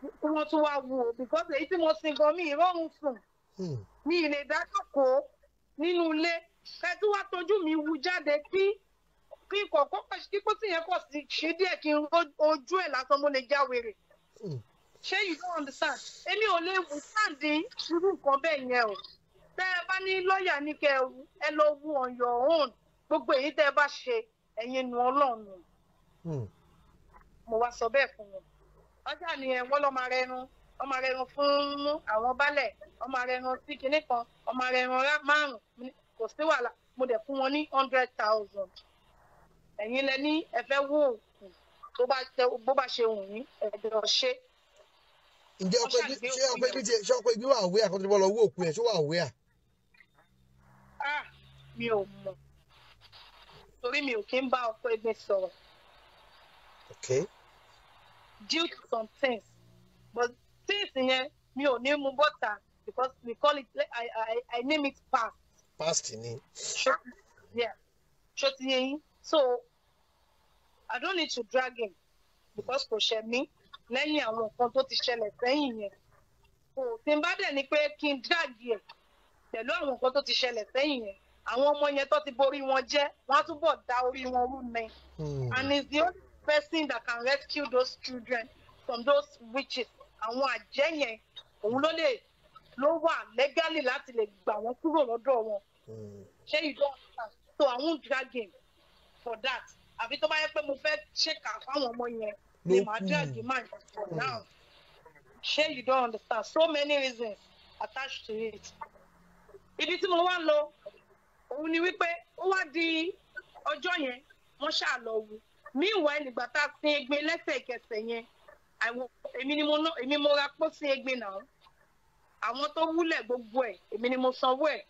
C: kí wọ́n tún wá wò ó because èyí tí mo sin gan mi ìrọ̀rùn sùn hmm. mi ì lè dájọ́kòó nínú ilé ẹ tún wá tójú mi wu jáde kí kí kọ̀ọ̀kọ́ kíkó sì yẹn kọ̀ sí ṣe díẹ̀ kí n ojú ẹ̀ lásán mo lè já wèrè hmm. ṣé you don't understand èmi ò lè wù sáàdì irú nǹkan bẹ́ẹ̀ yẹn o tẹ́ ẹ bá ní lọ́ọ̀yà ní kẹ́ ẹ lọ wù on your own gbogbo èyí tẹ́ ẹ bá ṣe ẹ̀yin nu ọlọ́run hmm. mo wá sọ bẹ́ẹ̀ fún wọn ọjà nìyẹn wọ́n lọ́ọ́ máa rẹnu wọ́n máa rẹnu fún àwọn baálẹ̀ wọ́n máa rẹnu sí kinní kan wọ́n máa rẹnu márùn-ún kò sí wàhálà mo dẹ̀ fún wọn ní hundred thousand ẹ̀yin lẹ ní ẹ fẹ́ wó òkú tó bá tẹ bó bá ṣe wù yín ẹ̀jọ̀
B: ṣe. ǹjẹ́ ọkọ̀ ẹbí ṣé ọkọ̀ ẹbí ti ṣé ọkọ̀ ẹbí wà wíyà kó tó bọ́ lọ wó òkú yẹn ṣé wà wíyà. Ah, mi ò mọ̀
C: torí mi ò kí ń bá ọkọ ẹgbẹ́ sọ̀rọ̀. okay. due to some things but things yẹn mi ò ní mú bọ́tà because we call it I I I name it past. past ni. ṣó yeah ṣó ti so I don't need to drag him because kò ṣe mí lẹ́yìn àwọn nǹkan tó ti ṣẹlẹ̀ sẹ́yìn yẹn kò tí n bá dẹ̀ ni pé kí n drag yẹ pẹ̀lú àwọn nǹkan tó ti ṣẹlẹ̀ sẹ́yìn yẹn àwọn ọmọ yẹn tó ti borí wọn jẹ́ wọ́n á túbọ̀ da orí wọn rú ni hmm. and it's the only person that can rescue those children from those witches àwọn àjẹ́ yẹn òun ló lè ló wà legally láti lè gbà wọ́n kúrò lọ́dọ̀ wọn hmm. ṣé you don understand so i won't drag him for that àfi tó bá yẹ pé mo fẹ́ ṣèkà fáwọn ọmọ yẹn ni màá drag him out for hmm. now ṣé you don understand so many reasons attached to it ibi tí mo wá lọ òun ni wípé ó wá di ọjọ́ yẹn wọ́n ṣáà lọ wu meanwhile nígbà tá a sin egbe lẹ́sẹ̀kẹsẹ̀ yẹn èmi ni mo ná èmi mo ra pósí egbe náà àwọn tó wúlẹ̀ gbogbo ẹ̀ èmi ni mo sanwó ẹ̀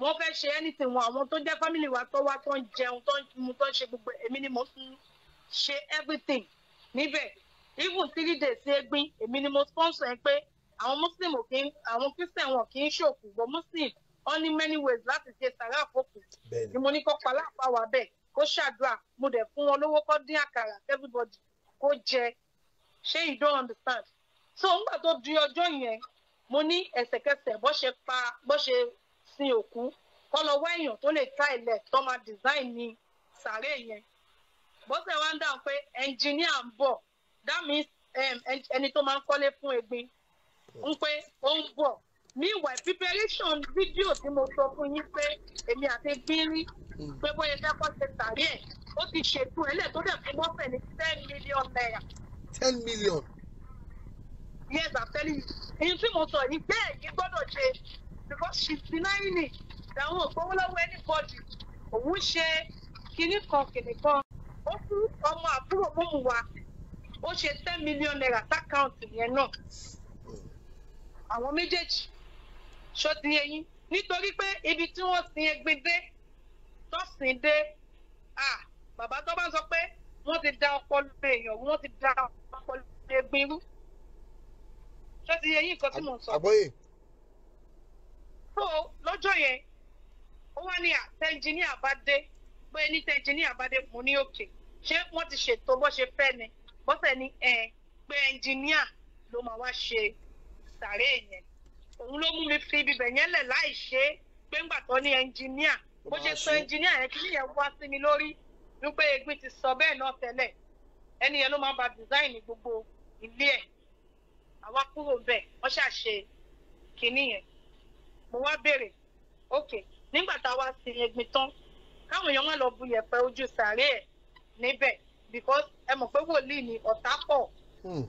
C: wọ́n fẹ́ ṣe anything wọn àwọn tó jẹ́ family wa tó wá tó ń jẹun tó ń mu tó ń ṣe gbogbo èmi ni mo ń ṣe everything níbẹ̀ even three days egbin èmi ni mo sponsor ẹ pé àwọn muslim ò kí àwọn christian wọn kì í ṣòkù gbọ́ muslim ó ní many ways láti jẹ sàrà àfọkù ni mo ní kó palá àpáwà bẹ́ẹ̀ kó ṣàdúrà mo dẹ̀ fún wọn lówó kó dín àkàrà everybody kó jẹ ṣé you don't understand so nígbà tó di ọjọ́ yẹn mo ní ẹsẹ̀kẹsẹ̀ bó ṣe pa bó ṣe sin òkú kó lọ wá èèyàn tó lè ta ilẹ̀ tó máa design ní sàré yẹn bọ́sẹ̀ wá ń dáhùn pé ẹnjìníà ń bọ̀ that means ẹni tó máa ń kọ́lé fún egbin ń pé ó ń bọ̀ meanwhile preparation fídíò tí mo sọ fún yín pé èmi àti bírí pé bóyá fẹ́ kọ́ ṣe tàrí ẹ̀ ó ti ṣètò ẹlẹ́ tó dẹ̀ fún mọ́fẹ̀ ní ten million naira. ten million. yes i'm telling you èyí tí mo sọ yìí bẹ́ẹ̀ yìí gbọ́dọ̀ ṣe because sixty nine ni làwọn ògbówó lọ́wọ́ anybody òun ṣe kinní kan kinní kan ó fún ọmọ àbúrò mọ́mù wa ó ṣe ten million naira sákàǹtì yẹn náà àwọn méjèèjì ṣó ti yé yín nítorí pé ibi tí wọ́n sin egbin dé tó dé ah bàbá tó bá sọ pé wọ́n ti da ọpọlọ èèyàn wọ́n ti da ọpọlọ egbin rú ṣó ti yé yín nǹkan tí mò ń sọ. àgbóyè. so lọ́jọ́ yẹn ó wá ní àtẹ́ńjìníà bá dé pé ní tẹ́ńjìníà bá dé mo ní òkè ṣé wọ́n ti ṣètò bó ṣe fẹ́ ni bọ́sẹ̀ ni ẹ̀ pé ẹnjìníà ló máa wá ṣe sàárè yẹn òun ló mú mi fi ibibẹ̀ yẹn lẹ̀ láì ṣe é pé ńgbà tó ní ẹnjìníà bó ṣe sọ ẹnjìníà yẹn kí nìyẹn wá sí mi lórí wípé Egbin ti sọ bẹ́ẹ̀ náà tẹ́lẹ̀ ẹni yẹn ló máa ba design gbogbo ilé ẹ̀ àwa kúrò bẹ́ẹ̀ wọ́n ṣàṣe kínní yẹn mo wá béèrè ok nígbà tá a wá sí Egbin tán káwọn èèyàn má lọ bu yẹ̀pẹ̀ ojú sàárè ẹ̀ níbẹ̀ because ẹ mọ̀ pé wòlíì ni ọ̀tá pọ̀ tó hmm.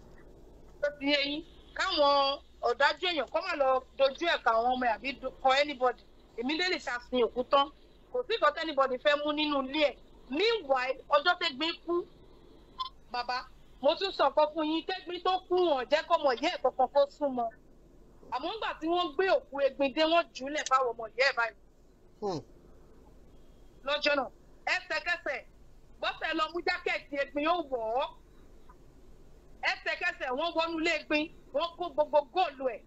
C: ti yẹ yín káwọn ọ̀dájú èèyàn kọ́ mà lọ dojú ẹ̀ka àwọn ọmọ àbí kọ anybody èmi lè lè ṣàfihàn òkú tán kò sí ìkọ́tẹ́ anybody fẹ́ mú nínú ilé ẹ̀ meanwhile ọjọ́ tẹ́gbin kú bàbá mo tún sọ ọ̀kan fún yín tẹ́gbin tó kú hàn jẹ́ kọ́ ọmọ ìyá ẹ̀ kankan kó sún mọ́ àmọ́ ńgbà tí wọ́n gbé òkú egbin dé wọ́n jù ú lẹ̀ fáwọn ọmọ ìyá ẹ̀ báyìí hmm. lọ́jọ́ náà ẹsẹ̀kẹsẹ̀ bọ́sẹ̀ lọ mú jákẹ́ẹ̀tì egbin ó wọ̀ ọ́ ẹsẹ̀kẹsẹ̀ wọ́n wọnú ilé gbin kó gbogbo góòlù e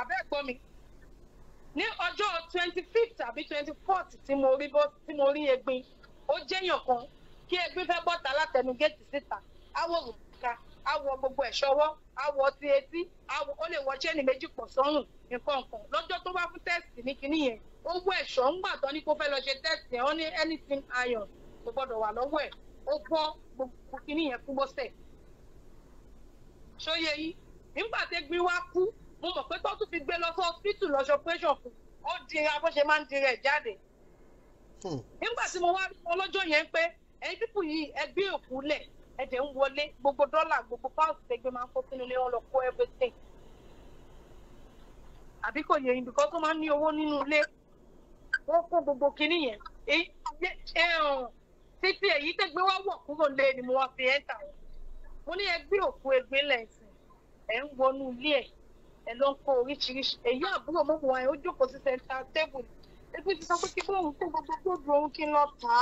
C: abegbomi ni mi ní ọjọ́ twenty fifth àbí twenty fourth tí mo egbin ó kan kí egbin fẹ́ bọ́ta látẹnu géètì síta awọ òrùka awọ gbogbo eshowo awọ ti etí awọ ó lè wọ chain méjì pọ̀ sọ́rùn nǹkan kan lọ́jọ́ tó bá fún tẹ́sì ní kinní yẹn ó wọ ẹ̀ṣọ́ ńgbà tán ní kó lọ ṣe ó ó bọ́ gbogbo kínní yẹn fún bọ́sẹ̀ ṣóyè yìí nígbà tí gbin wá kú mo mọ̀ pé tó tún fi gbé lọ sí hospital lọ́sọ pẹ́sọ̀ fún ó di ra bó ṣe máa ń di rẹ̀ jáde hmm. nígbà tí mo wá rí ọlọ́jọ́ yẹn pé ẹ̀yin pípù yìí ẹgbẹ́ òkú lẹ̀ ẹ̀jẹ̀ ń wọlé gbogbo dọ́là gbogbo pounds tẹgbẹ́ máa ń kó sínú ilé wọn lọ kó everything àbí kò yẹ yín because máa ń ní owó nínú ilé wọ́n kó gbogbo kinní yẹn títí èyí tẹ́ gbé wá wọ̀ kúrò lé ni mo wá fi ẹ́ tà wọ́n mo ní ẹgbẹ́ òkú egbé lẹ́sìn ẹ̀ ń wọnú ilé ẹ̀ ẹ̀ ló ń kó oríṣiríṣi èyí àbúrò mọ́mọ́ wa ó jókòó sí sẹ́ńtà tébù egbin ti sọ pé kí bóun kó gbogbo gbòdò òun kí n lọ tà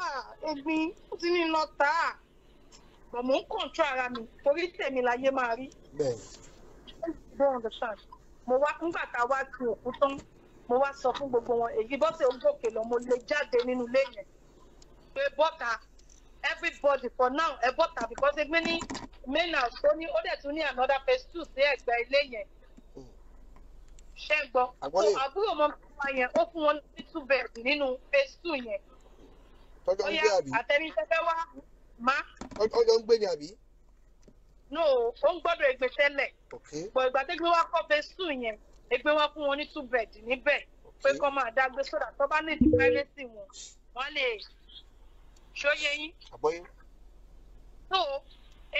C: á ah, egbin ó ti ní lọ tà á bọ̀ mò ń kọ̀ǹtró ara mi torí tèmi láyé máa rí. mo wá nígbà tá a wá tu òkú tán mo wá sọ fún gbogbo wọn èyí bọ́sẹ̀ ó lọ mo lè jáde nínú ilé yẹn pé bọ́ta everybody for now ẹ bọ́ta because ẹgbẹ́ ní main house tó ní ó dẹ̀ tún ní another phase two sí ẹ̀gbẹ́ ilé yẹn ṣé ń gbọ́ àbúrò mọ́ wa yẹn ó fún wọn ní two bed nínú phase two yẹn tọjọ ń gbé àbí má. tọjọ ń gbé ni àbí. no ó ń gbọ́dọ̀ ègbè tẹ́lẹ̀. pọ̀ ìgbà tó gbé wá kọ́ phase two yẹn ègbè wá fún wọn ní two bed níbẹ̀ pé kọ́ máa dá gbé sódà tó bá ní ìdí privacy wọn wọ́n lè ṣó yé yín. so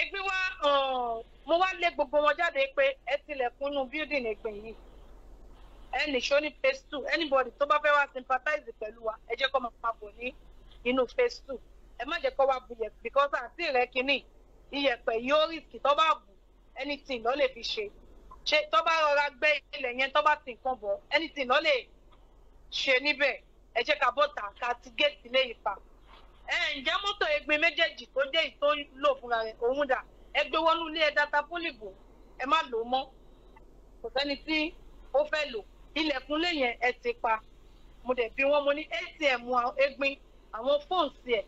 C: ebi wa um, mo wá lé gbogbo wọn jáde pé ẹ tilẹ̀kùn inú building ẹgbẹ́ yìí ẹnì ṣó ní phase two anybody tó bá fẹ́ wá sympathize pẹ̀lú wa ẹ jẹ́ kó máa bọ̀ ní inú phase two ẹ má jẹ́ kó wá bu yẹ̀pẹ̀ because àti rẹ̀ kínní iyẹ̀pẹ̀ yóò risk tó bá bu anything ló lè fi ṣe ṣe tó bá rọra gbẹ́ ilẹ̀ yẹn tó bá ti nǹkan bọ̀ anything ló lè ṣe níbẹ̀ ẹ jẹ́ ká bọ́ta ká ti géètì lè pa ẹ ǹjẹ́ mọ́tò ẹgbẹ́ méjèèjì tó jẹ́ ìtó lò fúnra rẹ̀ òun dà ẹ gbé wọnú ilé ẹ dáta pólìbù ẹ má lò ó mọ́ kò sẹ́ni tí ó fẹ́ lò ilẹ̀kùn lé yẹn ẹ ti pa mo dẹ̀ bí wọ́n mo ní atm ẹgbin àwọn fóònù ẹ̀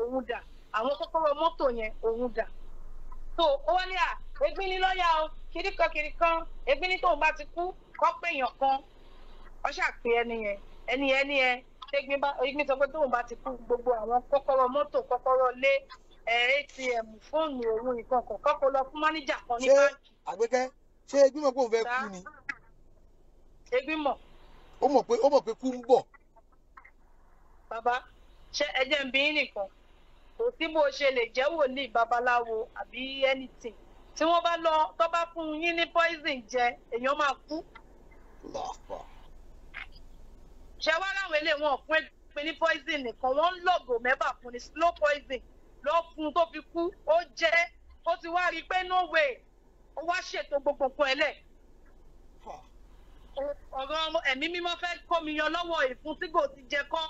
C: òun dà àwọn kọ́kọ́rọ́ mọ́tò yẹn òun dà so ó wá ní à ẹgbin ní lọ́ọ̀yà o kirikan kirikan ẹgbin ní tóun bá ti kú kọ́ pé èèyàn kan ọ ṣàpè ẹni yẹn ẹni yẹn ni ẹ Egbin sọ pé tóun bá ti kú gbogbo àwọn kọ́kọ́rọ́ mọ́tò kọ́kọ́rọ́ lé ATM fóònù
B: òun nǹkan kan kọ́kọ́
C: lọ fún mánéjà kan ní báńkì.
B: Àgbékẹ́ ṣé Egbin mọ̀ pé òun fẹ́ kú ni? Egbin mọ̀. Ó mọ̀ pé kú ń bọ̀.
C: Bàbá ṣé ẹ ń bí nìkan kò sí bó ṣe lè jẹ́ wòlíì babaláwo àbí anything tí wọ́n bá lọ tó bá fún yín ní poison jẹ èèyàn máa kú. lọ́pọ̀ ṣe wá láwọn ilé wọn fún ẹgbẹ ní poison nìkan wọn ń lògò mẹ́bà fún ni slow poison lọ fún tó fi kú ó jẹ́ ó ti wá rí i pé no way ó wá ṣètò gbogbo nǹkan ẹlẹ ọ̀rọ̀ ẹ̀mí mímọ́ fẹ́ kó mi yan lọ́wọ́ ìfun tí kò ti jẹ kán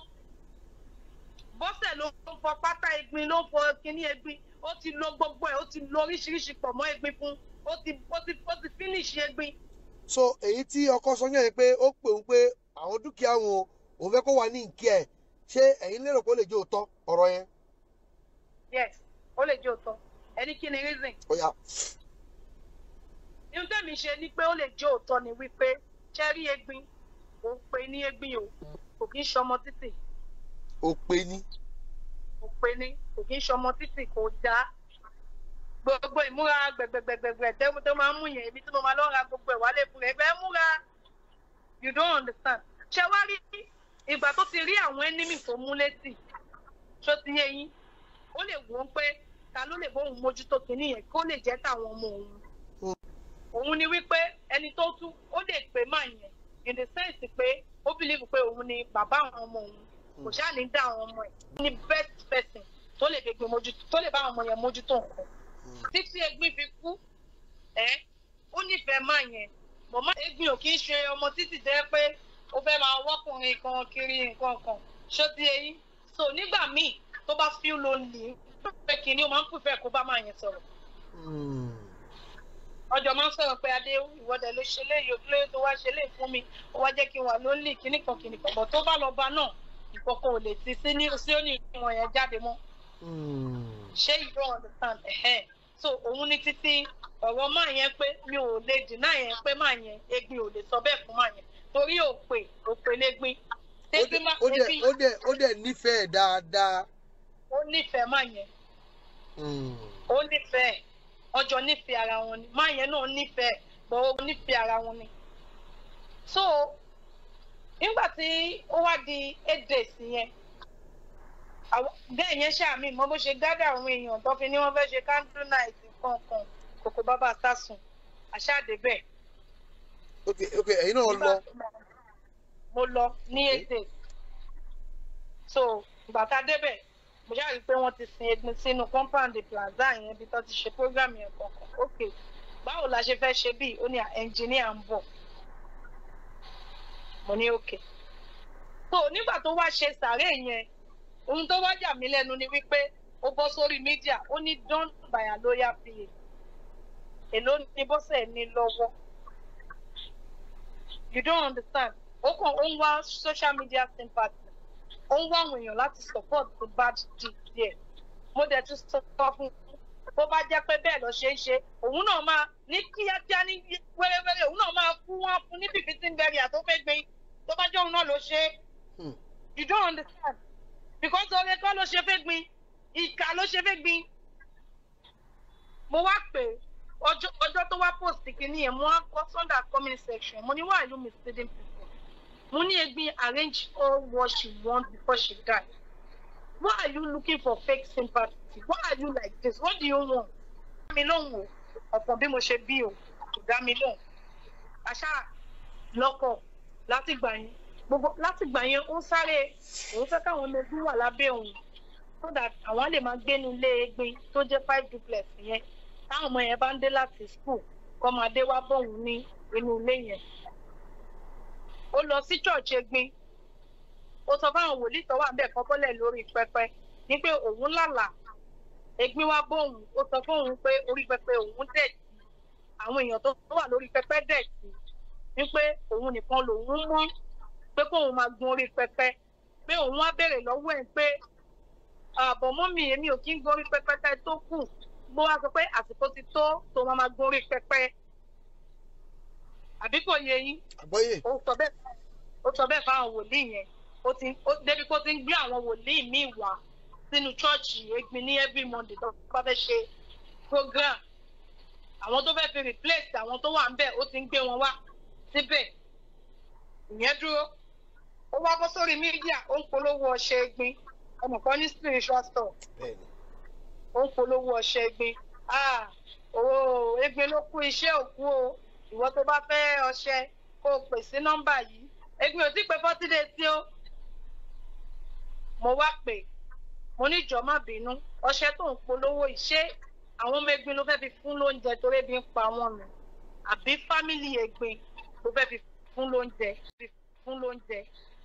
C: bọ́sẹ̀ ló ń fọ pátá egbin ló ń fọ kínní egbin ó ti lo gbogbo ẹ̀ ó ti lo oríṣiríṣi pọ̀ mọ́ egbin fún ó ti ó ti ó ti finish egbin.
B: so èyí tí ọkọ sọ yẹn pé ó pè ń pé àwọn dúkìá wọn òun fẹ́ kó wà ní nkí ẹ̀ ṣé ẹ̀yin lérò pé ó lè jẹ́ òótọ́ ọ̀rọ̀ yẹn.
C: yes ó lè jẹ́ òótọ́ ẹni kí ni reason. ó yá. irun tẹ́mi ṣe ni pé ó lè jẹ́ òótọ́ ni wípé ṣe rí egbin ò ń pe ní egbin o kò kí ń ṣọmọ títì. ò pe ní. ò pe ní kò kí ń ṣọmọ títì kò dáa gbogbo ìmúra gbẹgbẹgbẹgbẹ tẹ tó ibi tí mo máa lọ ra gbogbo ẹ wálé fún rẹ ẹgbẹ múra you don't understand ṣé wá rí ìgbà tó ti rí àwọn enemy tó mú létí ṣó ti yé yín ó lè wọ́n pé ta ló lè bóun mójútó kinní yẹn kó lè jẹ́ táwọn ọmọ òun òun ni wípé ẹni tó tú ó lè pè má yẹn in the sense pé ó bìlíìfù pé òun ni bàbá àwọn ọmọ òun kò hmm. ṣáà ní dá àwọn ọmọ ẹ̀ ní best person tó lè gbégbé mójútó tó lè bá àwọn ọmọ yẹn mójútó nǹkan hmm. títí egbin fi kú ẹ ó nífẹ̀ẹ́ má yẹn mọ̀mọ́ egbin ò kí ń ṣe ọmọ títí jẹ́ pé ó fẹ́ máa wọ́kùnrin kan kiri nǹkan kan ṣó ti eyín so nígbà míì tó bá feel lonely pé kìíní ó máa ń pèfẹ́ kó bá máa yẹn sọ̀rọ̀ hmm. ọjọ́ máa ń sọ̀rọ̀ pé adé ìwọ́dẹ ló ṣe léyìí olóyè tó wá ṣe léyìí fún mi ó wá jẹ́ kí n wà lonely kíní kan kíní kan bọ̀ tó bá lọ bá náà nǹkan ò lè ti sí ní sí òní ìwọ̀n yẹn jáde mọ́
A: hmm.
C: ṣé you don't understand so òun ní títí ọ̀rọ̀ máa yẹn pé mi ò lè dìná yẹn pé máa yẹn egbin ò lè sọ bẹ́ẹ̀ fún máa yẹn torí òpè òpè lẹ́gbin.
A: ó dẹ̀ ó dẹ̀ nífẹ̀ẹ́ dáadáa.
C: ó nífẹ̀ẹ́ máa yẹn. Hmm. ó nífẹ̀ẹ́ ọjọ́ nífẹ̀ẹ́ ara wọn ni máa yẹn náà nífẹ̀ẹ́ bọ̀ nífẹ̀ẹ́ ara wọn ni. so nígbà tí ó wá di eight yẹn bó ṣe gádà àwọn èèyàn tó fi ní ṣe candle night kòkó bàbá sásùn àṣàdé bẹ́ẹ̀.
A: ok ok ẹ̀yin náà lọ.
C: mo lọ ní èdè so ìgbà tá a débẹ̀ mo ṣáà rí i pé wọ́n ti sin egbin sínú compound plaza yẹn ibi tó ti ṣe program yẹn kankan ok báwo la ṣe fẹ́ ṣe bíi ó ní ẹnjìníà ń bọ̀ mo ní ok so nígbà tó wá ṣe sàárè yẹn ohun tó wá jà mí lẹ́nu ni wípé ó bọ́ sórí mídíà ó ní done by a lawyer pa èló ni bọ́sẹ̀ ní lọ́wọ́ you don't understand ó kàn ó ń wá social media sympathy ó ń wá àwọn èèyàn láti support the bad deed there mo dẹ̀ tún sọ fún bó bá jẹ́ pé bẹ́ẹ̀ lọ ṣe é ṣe òun náà máa ní kíákíá ní wẹ́rẹ́wẹ́rẹ́ òun náà máa fún wọn fún ní bìbí tí ń bẹ̀rẹ̀ àtó gbé tó bá jẹ́ òun náà ló ṣe é hmm. you don't understand because oore kọ́ ló ṣe fẹ́ gbin ìkà ló ṣe fẹ́ gbin mo wá pè é ọjọ́ tó wá post kìíní yẹn mo wá kọ́ sunday comment section mo ní wà ìlú misleading people mo ní egbin arrange all what she want before she die why are you looking for fake sympathy why are you like this what do you want. dá mi lóhùn o ọ̀pọ̀ bí mo ṣe bí o kò dá mi lóhùn àṣà lọ́kọ̀ látìgbà yẹn gbogbo látìgbà yẹn ó ń sáré òun fẹ́ káwọn ọmọ ẹgbẹ́ wà lábẹ́ òun so that àwọn lè máa gbé ní ilé egbin tó jẹ́ five duplex yẹn táwọn ọmọ yẹn bá ń dé láti school kọ́mọdé wá bọ̀hún ní inú ilé yẹn ó lọ sí church Egbin ó sọ fáwọn wòlíì tó wà bẹ́ẹ̀ kọ́bọ́lẹ̀ lórí pẹpẹ ní pé òun lálàá Egbin wá bóun ó sọ fóun pé orí pẹpẹ òun dẹ̀ jì àwọn èèyàn tó wà lórí pẹpẹ dẹ̀ jì ní pé òun nìkan lòun mọ́ pé kóun máa gun orí pẹpẹ pé òun á béèrè lọ́wọ́ ẹ̀ pé àbọ̀mọ́mì èmi ò kí ń gorí pẹpẹ tó kù mo wá sọ pé àsìkò ti tó tó máa ma gún orí pẹpẹ àbí kò yẹ yín ó sọ bẹ́ẹ̀ fáwọn wòlíì yẹn débi kó ti ń gbé àwọn wòlíì míì wá sínú chọ́ọ̀chì Egbin ní every Monday tó bá fẹ́ ṣe program àwọn tó fẹ́ fi replace àwọn tó wà ń bẹ̀ ó ti ń gbé wọn wá síbẹ̀ ìyẹn dúró ó wá bọ́ sórí mídíà ó ń polówó ọṣẹ Egbin ọmọkan ní spiritual store ó ń polówó ọṣẹ egbin owó egbin ló kú iṣẹ́ òkú o ìwọ tó bá fẹ́ ọṣẹ kó o pè sí nọ́mbà yìí egbin ò tí pé forty days tí ó mo wá pè mo ní jọ̀ọ́ má bínú ọṣẹ tó ń polówó ìṣe àwọn ọmọ egbin ló fẹ́ fi fún lóúnjẹ torí ebi ń pa wọn nù àbí fámìlì egbin ló fẹ́ fi fún lóúnjẹ fún lóúnjẹ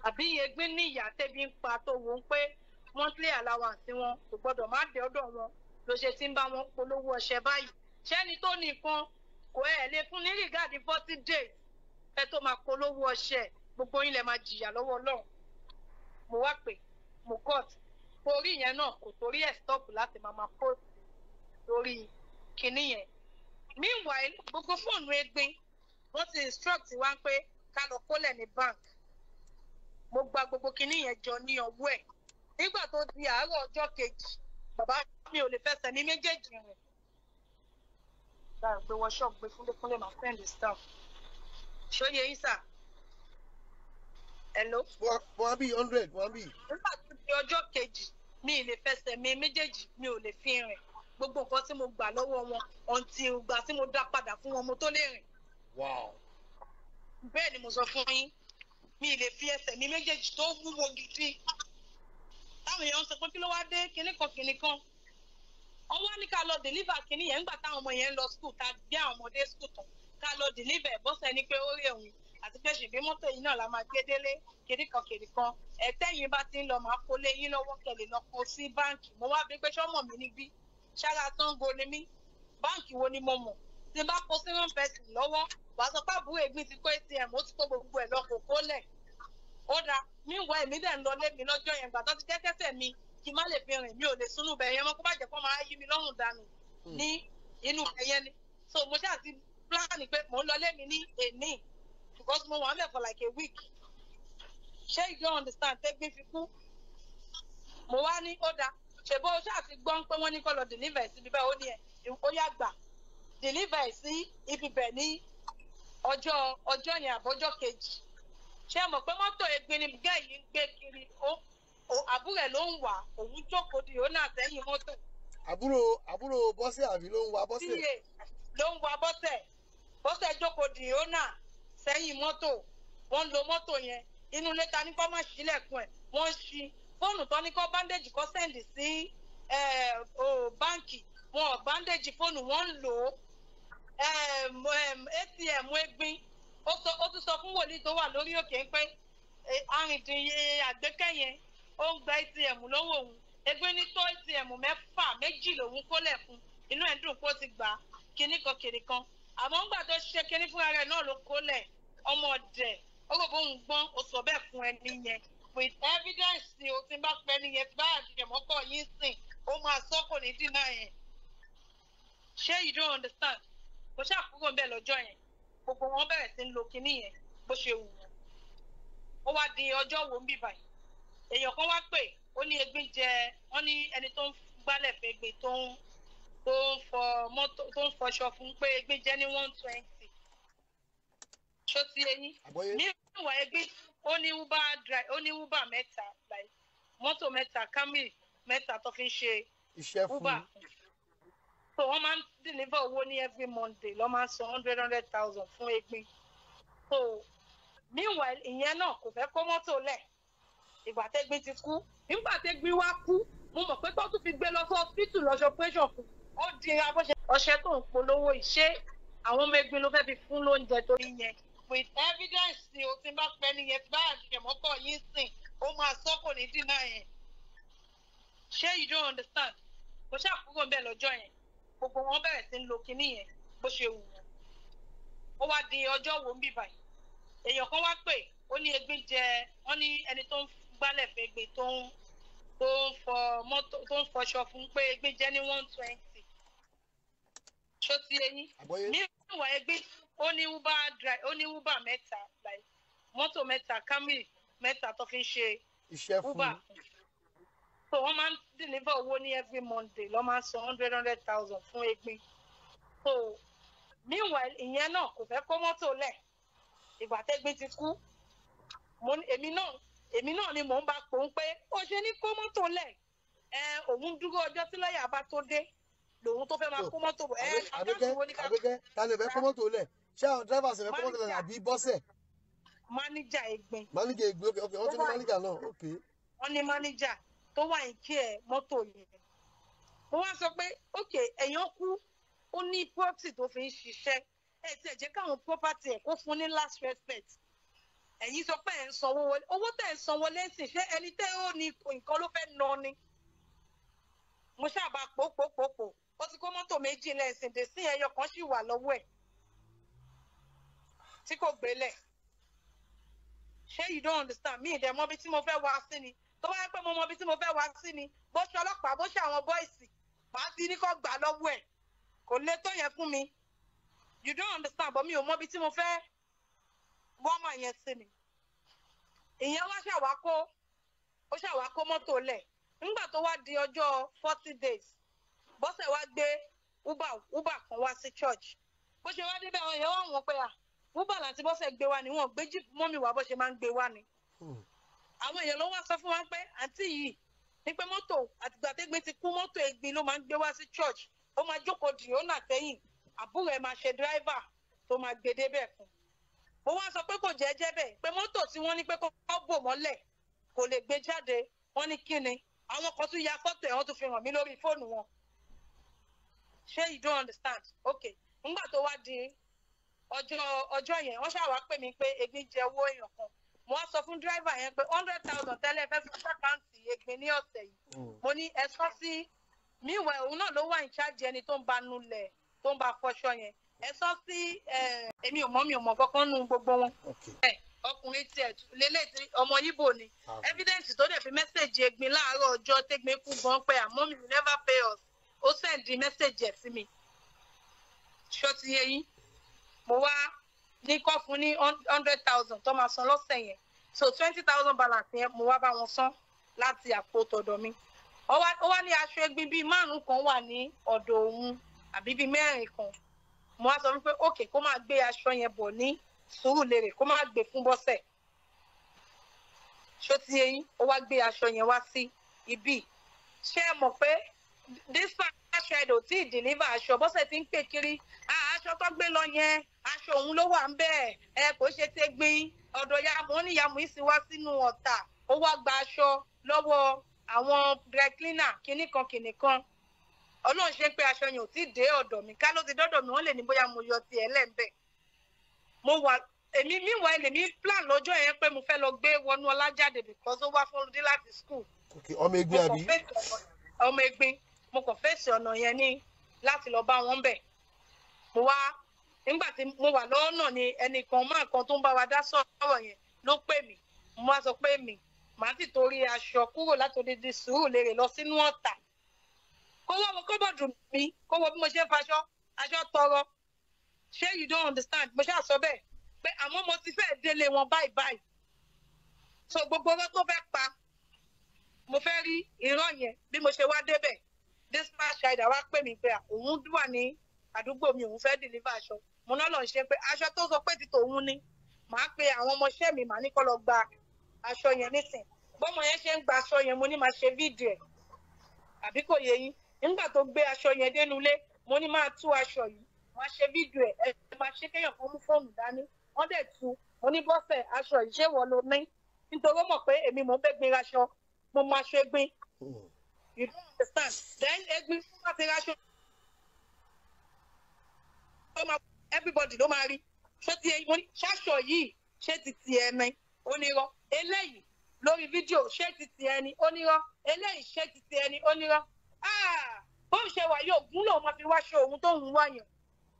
C: àbí egbin ní ìyá tẹ́bi ń pa tó wọ́n pé monthly allowance wọn kò gbọdọ̀ má dé ọ̀dọ̀ wọn ló ṣe ti ń bá wọn polówó ọṣẹ báyìí ṣẹ́ni tó nìkan kò ẹ̀ lè fún ní rìgáàdì forty days ẹ tó máa polówó ọṣẹ gbogbo yín lè máa jìyà lọ́wọ́ ọlọ́run mo wá pé mo cut torí yẹn náà kò torí ẹ̀ stop láti máa máa post lórí kinní yẹn meanwhile gbogbo fóònù egbin wọ́n ti instruct wá pé ká lọ kólẹ̀ ní bank mo gba gbogbo kinní yẹn jọ ní ọwọ́ ẹ̀ nígbà tó di àárọ̀ ọjọ́ kejì bàbá mi ò lè fẹsẹ̀ ní méjèèjì rẹ̀ gbàgbé wọṣọ gbé fúnlékúnlé máa fẹ́ǹdì staff ṣó yẹ yín sà hello. wọ́n bí hundred wọ́n bí. nígbà tó di ọjọ́ kejì mi ì lè fẹsẹ̀ mi méjèèjì mi ò lè fi rìn gbogbo nǹkan tí mo gbà lọ́wọ́ wọn until ìgbà tí mo dá padà fún wọn mo tó lè rìn. bẹ́ẹ̀ ni mo sọ fún yín mi ì lè fi ẹsẹ̀ mi méjèèjì tó wúwo gidi táwọn èèyàn sọ pé kí ló wá dé kinní kan kinní kan ọwọ́ ní ká lọ deliver kinní yẹn nígbà táwọn ọmọ yẹn lọ school tá a gbé àwọn ọmọdé school tán ká lọ deliver bọ́sẹ̀ ni pé ó rí òun àti pé ṣègbè mọ́tò yìí náà la máa gbé délé kinní kan kinní kan ẹ̀tẹ́yìn bá ti ń lọ máa kó lé yín lọ́wọ́ kẹlẹ̀ lọ kó sí báǹkì mo wá bí pé sọ́mọ̀ mi níbí ṣára sango ni mí báǹkì wo ni mo mọ̀ tí n bá kó sí one person lọ́wọ́ wàá sọ pé àbúrò ègbín ti kó atm ó ti kó gbogbo ẹ̀ lọ kò kólẹ̀ ó da níwọ̀ èmi dẹ̀ ń lọ lémi lọ́jọ́ yẹn gbà tó ti jẹ́kẹ́sẹ̀ mi kí n má lè fi rìn mi ò lè sunú bẹ̀ yẹn mọ́ kó má jẹ́ kó máa yí mi lọ́rùn dànù hmm. ní inú bẹ̀ yẹn ni so mo ṣáà ti plan pé mò ń lọ lémi ní èní because mo wà ń bẹ̀ for like a week ṣé you don't understand tẹ́gbẹ́ fi kú mo wá ní ó da ṣèbó ṣáà ti gbọ́n pé wọ́n ní kó lọ deliver síbi bẹ́ẹ̀ ó ní ẹ̀ ó yá gbà deliver sí ibi bẹ̀ ní ọjọ́ ọjọ́ yẹn àbọ́jọ́ kejì ṣé mọ̀ pé mọ́tò egbin gẹ́ yìí ń gbé kiri àbúrò ẹ̀ ló ń wà òun jókòó di òun náà mọ́tò.
A: àbúrò àbúrò bọ́sẹ̀ àbí ló ń wa bọ́sẹ̀. tíye
C: ló ń wa bọ́sẹ̀ bọ́sẹ̀ jókòó di òun náà mọ́tò wọ́n ń lo mọ́tò yẹn inú ilé ta ní kó má ṣílẹ̀kùn ẹ̀ wọ́n ṣí fóònù tó ní kó bandage kó sẹ́ndì sí báǹkì wọn bandage fóònù wọ́n ń lò ó atm egbin ó tún sọ fún wòlíì tó wà lórí òkè ń pẹ́ arìndínlẹ̀ àgbékẹ́yẹn ó ń gba atm lọ́wọ́ òun ẹgbẹ́ ní tó atm mẹ́fà méjì lòun kólẹ̀ fún inú ẹ̀ dùn kó ti gbà kinní kan kiri kan àmọ́ ńgbà tó ṣe kinní fúnra rẹ̀ náà ló kólẹ̀ ọmọ ọ̀dẹ̀ ó rò bóun gbọ́n ó sọ bẹ́ẹ̀ fún ẹni yẹn with evidence ni o ti bá pẹ́ nìyẹn tí bá àjẹmọ́kọ̀ yín sìn ó máa sọ kò ní dínà yẹn ṣé you don't understand kò ṣàkóso bẹ́ẹ̀ lọ́jọ́ yẹn gbogbo wọn bẹ̀rẹ̀ sí ń lo kinní yẹn bó ṣe wù wọn ó wá di ọjọ́ wo ń bì báyìí èèyàn kan wá pè ó ní egbin jẹ wọn ní ẹni tó ń gbálẹ̀ fún egbin tó ń tó ń fọ mọ́tò tó ń fọṣọ fún pé egbin jẹ́ ní one twenty ṣó ti eyín níwọ̀n egbin ó ní uber dry ó ní uber mẹ́ta mọ́tò mẹ́ta camry mẹ́ta tó fi ń ṣe uber so wọ́n máa ń deliver owó ní every monday lọ́ máa ń san hundred hundred thousand fún egbin so meanwhile ìyẹn náà kò fẹ́ kó mọ́tò lẹ̀ ìgbà tẹ́gbin ti kú nígbà tẹ́gbin wá kú mo mọ̀ pé tó tún fi gbé lọ sí hospital lọ́sọ operation fún ó di abọ́ṣe ọṣẹ tó ń polówó ìṣe àwọn ọmọ egbin ló fẹ́ fi fún lóúnjẹ torí yẹn with evidence ni o ti bá pẹ́ nìyẹn tí bá àṣẹmọ́kọ̀ yín sìn ó máa sọ́kò ní dínà yẹn ṣé you don't understand kò ṣàkóso bẹ́ẹ̀ lọ́jọ́ yẹn gbogbo wọn bẹ̀rẹ̀ sí ń lo kinní yẹn bó ṣe wù wọn ó wá di ọjọ́ wo ń bì báyìí èèyàn kan wá pè ó ní egbin jẹ wọn ní ẹni tó ń gbálẹ̀ fún egbin tó ń tó ń fọ mọ́tò tó ń fọṣọ fún pé egbin jẹ́ ní one twenty ṣó ti eyín níwà egbin ó ní uber drive ó ní uber mẹ́ta like mọ́tò mẹ́ta camry mẹ́ta tó fi ń ṣe uber so wọ́n máa ń deliver owó ní every monday lọ́ máa ń san hundred hundred thousand fún egbin so meanwhile ìyẹn náà kò fẹ́ kó mọ́tò lẹ̀ ìgbà tẹ́gbin ti kú èmi náà èmi náà ni mò ń bá pòun pé ó ṣe ní kó mọ́tò lẹ̀ ẹ òun dúró ọjọ́ tí lọ́ọ̀yà bá tó dé lòun tó fẹ́ máa kó mọ́tò bọ̀ ẹ àdáṣe wo ni ká. àbíkẹ́ ta lè fẹ́ kó mọ́tò lẹ̀ ṣé àwọn dírẹ́fà sì fẹ́ kó mọ́tò lẹ̀ àbí bọ́sẹ̀. máníjà Egbin. máníjà Egbin ok ok wọ́n tún ní máníjà náà ok. wọ́n ní máníjà tó wà ní ẹ mọ́tò yẹn mo wá sọ pé ok ẹ̀yàn kú ó ní property tó fi ń ṣiṣẹ́ ẹ tiẹ̀ jẹ́ káwọn property ẹ̀ kó fún ní last respect ẹ̀yin sọ pé ẹ̀ ń sanwó wọlé owó tẹ̀ ń san wọlé sì ṣé ẹni tẹ́ ó ní nǹkan ló fẹ́ nà ni mo ṣàbà pòpòpòpò ó ti kó mọ́tò méjì lẹ́sìn dè sí ẹyọ kan sì wà lọ́wọ́ ẹ̀ tí kò gbélẹ̀ ṣé you don't understand mi ìdẹ̀mọ́bí tí mo fẹ́ wá sí ni tó bá yẹ pé mo mọ ibi tí mo fẹ́ wá sí ni bó ṣe ọlọ́pàá bó ṣe àwọn bọ́ìsì màá ti ní kó gbà lọ́wọ́ ẹ̀ kò lè tó yẹn fún mi you don't understand but mi ò mọ ibi tí mo fẹ́ wọ́mọ̀ yẹn sí ni ìyẹn wá ṣàwá kó ó ṣàwá kó mọ́tò lẹ̀ nígbà tó wá di ọjọ́ forty days bọ́sẹ̀ wá gbé uber uber kan wá sí church bó ṣe wá débẹ̀ àwọn èèyàn wà wọ́n pé à ah, uber làǹtí bọ́sẹ̀ gbé wá ni wọ́n gbé jíìpù mọ́mì wá bó ṣe máa ń gbé wá ni. Hmm àwọn èèyàn ló wá sọ fún wa pé àǹtí yìí ni pé mọ́tò àtìgbà tẹ́gbin ti kú mọ́tò ẹ̀gbin ló máa ń gbé wá sí church ó máa jókòó dì ó nà sẹ́yìn àbúrò ẹ̀ máa ṣe dírẹ́fà tó máa gbé débẹ̀ fún mo wá sọ pé kò jẹ́ jẹ́ bẹ́ẹ̀ pé mọ́tò tí wọ́n ní pé kọ́ bò mọ́lẹ̀ kò lè gbé jáde wọ́n ní kí ni àwọn kan tún ya fọ́tò ẹ̀ wọ́n tún fi hàn mí lórí fóònù wọn ṣé you don't understand okay ńgbà tó wá di ọjọ́ ọjọ́ yẹn wọ́n ṣàwá pè mí pé egbin jẹ owó èèyàn kan wọ́n sọ fún dírẹ́fà yẹn pé hundred thousand tẹ́lẹ̀ fẹ́ fi ṣàkáǹtì ègbè ní ọ̀sẹ̀ yìí mm. mo ní ẹ sọ sí miwẹ̀ òun náà ló wà ní ṣáàjì ẹni tó ń ba nulẹ̀ tó ń ba fọṣọ yẹn ẹ sọ sí èmi ò mọ̀ mi ò mọ̀ kankan nu gbogbo wọn ọkùnrin tiẹ̀ lélẹ̀ tí ọmọ yíbò ni ah, evidence tó dẹ̀ fi mẹ́sẹ̀gì egbin láàárọ̀ ọjọ́ tẹ́gbin kú gan pé àmọ́ ah, mi never pay us ó sẹ̀ndì mẹ́sẹ̀gì ẹ̀ sí mi ṣó ti yẹ yín mo wá ní kọ́ fún ní hundred thousand tó máa san lọ́sẹ̀ yẹn so twenty thousand balance yẹn mo wá bá wọn san láti àpò tọ̀dọ̀ mi ó wá ní aṣọ ẹgbin bíi márùn-ún kan wà ní ọ̀dọ̀ òun àbí bíi mẹ́rin kan mo wá sọ wípé òkè kó máa gbé aṣọ yẹn bọ̀ ní Sùúrùlérè kó máa gbé fún bọ́sẹ̀ ṣó ti eyín ó wá gbé aṣọ yẹn wá sí ibí ṣé ẹ mọ̀ pé dísà aṣọ ẹ̀dọ̀ tí ì dìníbà aṣọ bọ́sẹ̀ ti ń pè kiri ah aṣọ tó gbé lọ yẹn aṣọ òun ló wà ń bẹ́ẹ̀ ẹ kò ṣe tẹ gbin ọ̀dọ̀ yàmù ó ní yàmù yìí sì wá sínú ọ̀tà ó wá gba aṣọ lọ́wọ́ àwọn dry cleaner kinní kan kinní kan ọlọ́run ṣe ń pé aṣọ yẹn ò tí ì dé ọ̀dọ̀ mi ká ló ti dọ́dọ̀ mi wọ́n lè ní bóyá mo yọ tiẹ̀ lẹ́ńbẹ̀ mo wà èmi meanwhile lèmi plan lọ́jọ́ yẹn pé mo fẹ́ lọ gbé wọnú ọlá jáde because ó wá fọlọdé láti school. ọmọ egbin àbí ọmọ egbin mo kàn fèsì ọ̀nà yẹn ní láti lọ bá wọn bẹ̀ mo wá nígbà tí mo wà lọ́nà ni ẹnìkan máa kan tó ń bá wa dá sọ̀rọ̀ yẹn ló pè mí mo wá sọ pé mi màá sì torí aṣọ kúrò látòdì di sùúrù lérè lọ sínú ọ̀tà kó wọ́n mo kóbọ̀dù mi bí mo ṣe ń faṣọ aṣọ tọrọ ṣé you don't understand mo ṣáà sọ bẹ́ẹ̀ pé àmọ́ mo ti fẹ́ẹ́ délé wọn báyìí báyìí so gbogbo owó tó fẹ́ pa mo fẹ́ rí irọ́ yẹn bí mo ṣe wá débẹ̀ despatch rider wá pè mí pé òun wà ní àdúgbò mi òun fẹ́ dìlífà aṣọ mo náà lọ ṣe pé aṣọ tó sọ pé ti tòun ni màá pe àwọn ọmọọṣẹ́ mi màá ní kó lọ gba aṣọ yẹn nísìn bọ́mọ yẹn ṣe ń gba aṣọ yẹn mo ní máa ṣe fídíò ẹ̀ àbí kò yé yín nígbà tó gbé aṣọ yẹn dénú ilé mo ní máa tú aṣọ yìí máa ṣe fídíò ẹ̀ ẹ máa ṣe kéèyàn kan mú fóònù dání wọ́n dẹ̀ tú mo ní bọ́sẹ̀ aṣọ yìí ṣé wọ́n lo ní nítorí ó mọ̀ pé èmi mò ń bẹ́ gbin aṣọ mo máa ṣe gbin hmm. you don't understand then egbin fún bá ti raṣọ tó everybody ló máa rí ṣé ti mo ní ṣáṣọ yìí ṣé ti ti ẹni onírọ́ eléyìí lórí fídíò ṣé ti ti ẹni onírọ́ eléyìí ṣé ti ti ẹni onírọ́ ah! bó ṣe wà yóò gún lòun máa fi wáṣọ òun tó ń wáyàn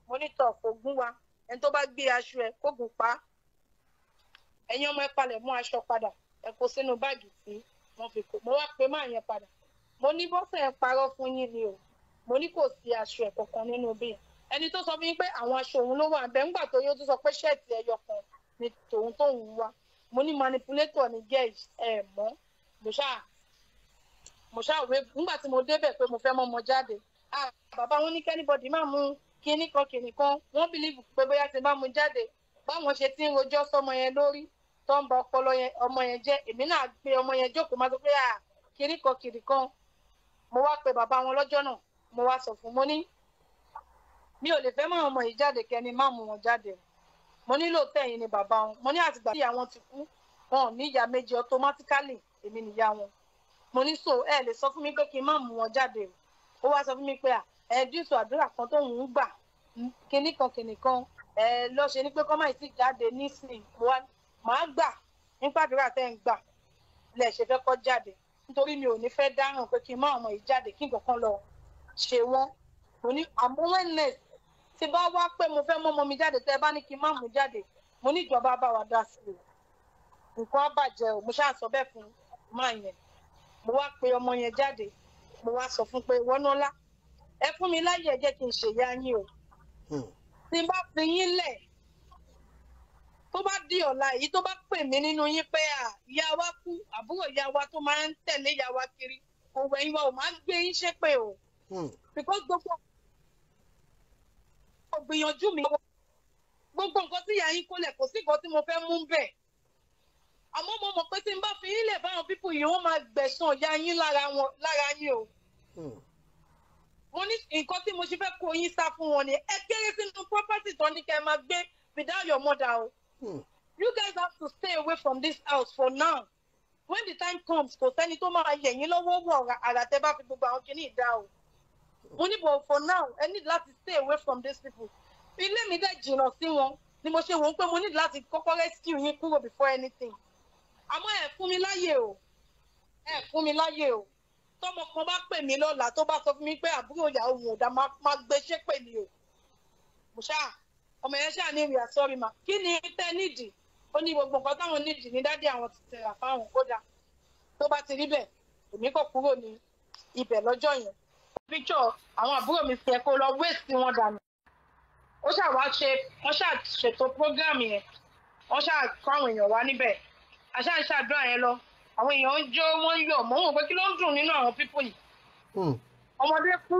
C: mo ní tọ̀ kò gún wa ẹni tó bá gbé aṣọ ẹ kó gùn pa á ẹ̀yin ọmọ ẹ palẹ̀ mú aṣọ padà ẹ kó sínú báàgì tí wọ́n fi kó mo wá pé máa yẹn padà mo ní bọ́sẹ̀ ẹ parọ́ fún yín ni o mo ní kò sí aṣọ ẹ̀ kankan nínú bíi ẹni tó sọ fún mi pé àwọn aṣọ òun ló wà bẹ́ẹ̀ ńgbà tó yóò tó sọ pé ṣẹ́ẹ̀tì ẹyọ kan ni tòun tóun wá mo ní manipulator ni jẹ́ ẹ̀ mọ́ mo ṣáà mo ṣáà wé nígbà tí mo débẹ̀ pé mo fẹ́ mọ́ ọmọ jáde ah bàbá wọn ní kẹ́nìbọ̀dì máa mú kinní kan kinní kan wọ́n bìlíìfù pé bóyá ti bá mu jáde báwọn ṣe ti ń rojọ́ sọmọ yẹn lórí tó ń ba ọpọlọ yẹn ọmọ yẹn jẹ́ èmi náà gbé ọmọ yẹn jókòó máa sọ pé ah kinní kan kinní kan mo wá pe bàbá wọn lọ́jọ́ náà mo wá sọ fún mo ní mi ò lè fẹ́ máa ọmọ yìí jáde kẹni má mú wọn jáde mo nílò tẹ̀yìn ni bàbá wọn mo ní àtìgbà tí àwọn ti kú wọn ní ìyá méjì automatically èmi nìyá wọn mo ní so ẹ lè sọ fún mi pé kí n má mú wọn jáde ó wá sọ fún mi pé ẹ díìtù àdúrà kan tó ń gbà kinní kan ẹ lọ ṣe ni pé kọ́ máa ti jáde nísìnyí màá gbà nípa àdúrà tẹ́ ń gbà lẹ̀ ṣe fẹ́ kọ́ jáde nítorí mi ò ní fẹ́ dáràn pé kí n má ọmọ yìí jáde kí nǹkan kan lọ ṣe wọ́n mo ní àmúwẹ́nẹ̀sì tí bá wá pé mo fẹ́ mọ́ ọmọ mi jáde tẹ́ ẹ bá ní kí n má mú jáde mo ní ìjọba bá wa dá sí i nǹkan á bàjẹ́ o mo ṣáà sọ bẹ́ẹ̀ fún máa yẹn mo wá pe ọmọ yẹn jáde mo wá sọ fún pé wọnọlá ẹ fún mi láyè ẹ kí n ṣèyá yín o hmm. tí n bá fi yín lẹ̀ tó bá di ọ̀la èyí tó bá pè mí nínú yín pé à ìyá wa kú àbúrò ìyá wa tó máa ń tẹ̀lé ìyá wa kiri òwò ẹ̀yin wa ò máa ń gbé yín ṣépè o. Hmm. because gbogbo gbìyànjú mi gbogbo nǹkan tí yàyín kólẹ̀ kò sí nǹkan tí mo fẹ́ mú bẹ́ẹ̀ àmọ́ mo mọ̀ pé tí n bá fi ilẹ̀ báwọn pípù yìí wọ́n máa gbẹ̀sán yàyín lára yín o hmm. mo ní nǹkan tí mo ṣe fẹ́ kó yín sá fún wọn ni ẹ kéré sínú property tán ní kẹ́ ẹ máa gbé without your mother o hmm. you guys have to stay away from this house for now when the time comes kò sẹ́ni tó máa yẹ̀yìn lọ́wọ́ wọ̀ àràtẹ́ bá fi gbogbo àwọn kìíní ìdá o mo ní bọ̀ for now I need láti stay away from these people ilé mi dẹ̀ jìnnà sí wọn ni mo ṣe wò ó pé mo need láti kọ́kọ́ rescue yín kúrò before anything àmọ́ ẹ fún mi láyè o ẹ fún mi láyè o tọmọ kan bá pè mí lọ́la tó bá sọ fún mi pé àbúrò ìyàwó òun ò dá máa gbé ṣépè ni o mo ṣáà ọmọ yẹn ṣáà ní ìrìà sọ́ọ́rì mà kí ni tẹ nídìí ó ní gbogbo nǹkan táwọn nídìí ní dádì àwọn ti tẹ̀ra fáwọn kódà tó bá ti rí bẹ́ẹ̀ èmi kò kúrò ní ibẹ̀ lọ́jọ́ yẹn píkṣọ àwọn àbúrò mi fi ẹ kó lọ wéèsì wọn dànù ó ṣáà wá ṣe wọ́n ṣáà ṣètò prógráàmù yẹn wọ́n ṣáà kọ́ àwọn èèyàn wá níbẹ̀ àṣà ń ṣàdúrà yẹn lọ àwọn èèyàn ń jó wọ́n ń yọ̀ mọ́ wọn pé kí ló ń dùn nínú àwọn pípọ̀ yìí hmm. ọmọdé kú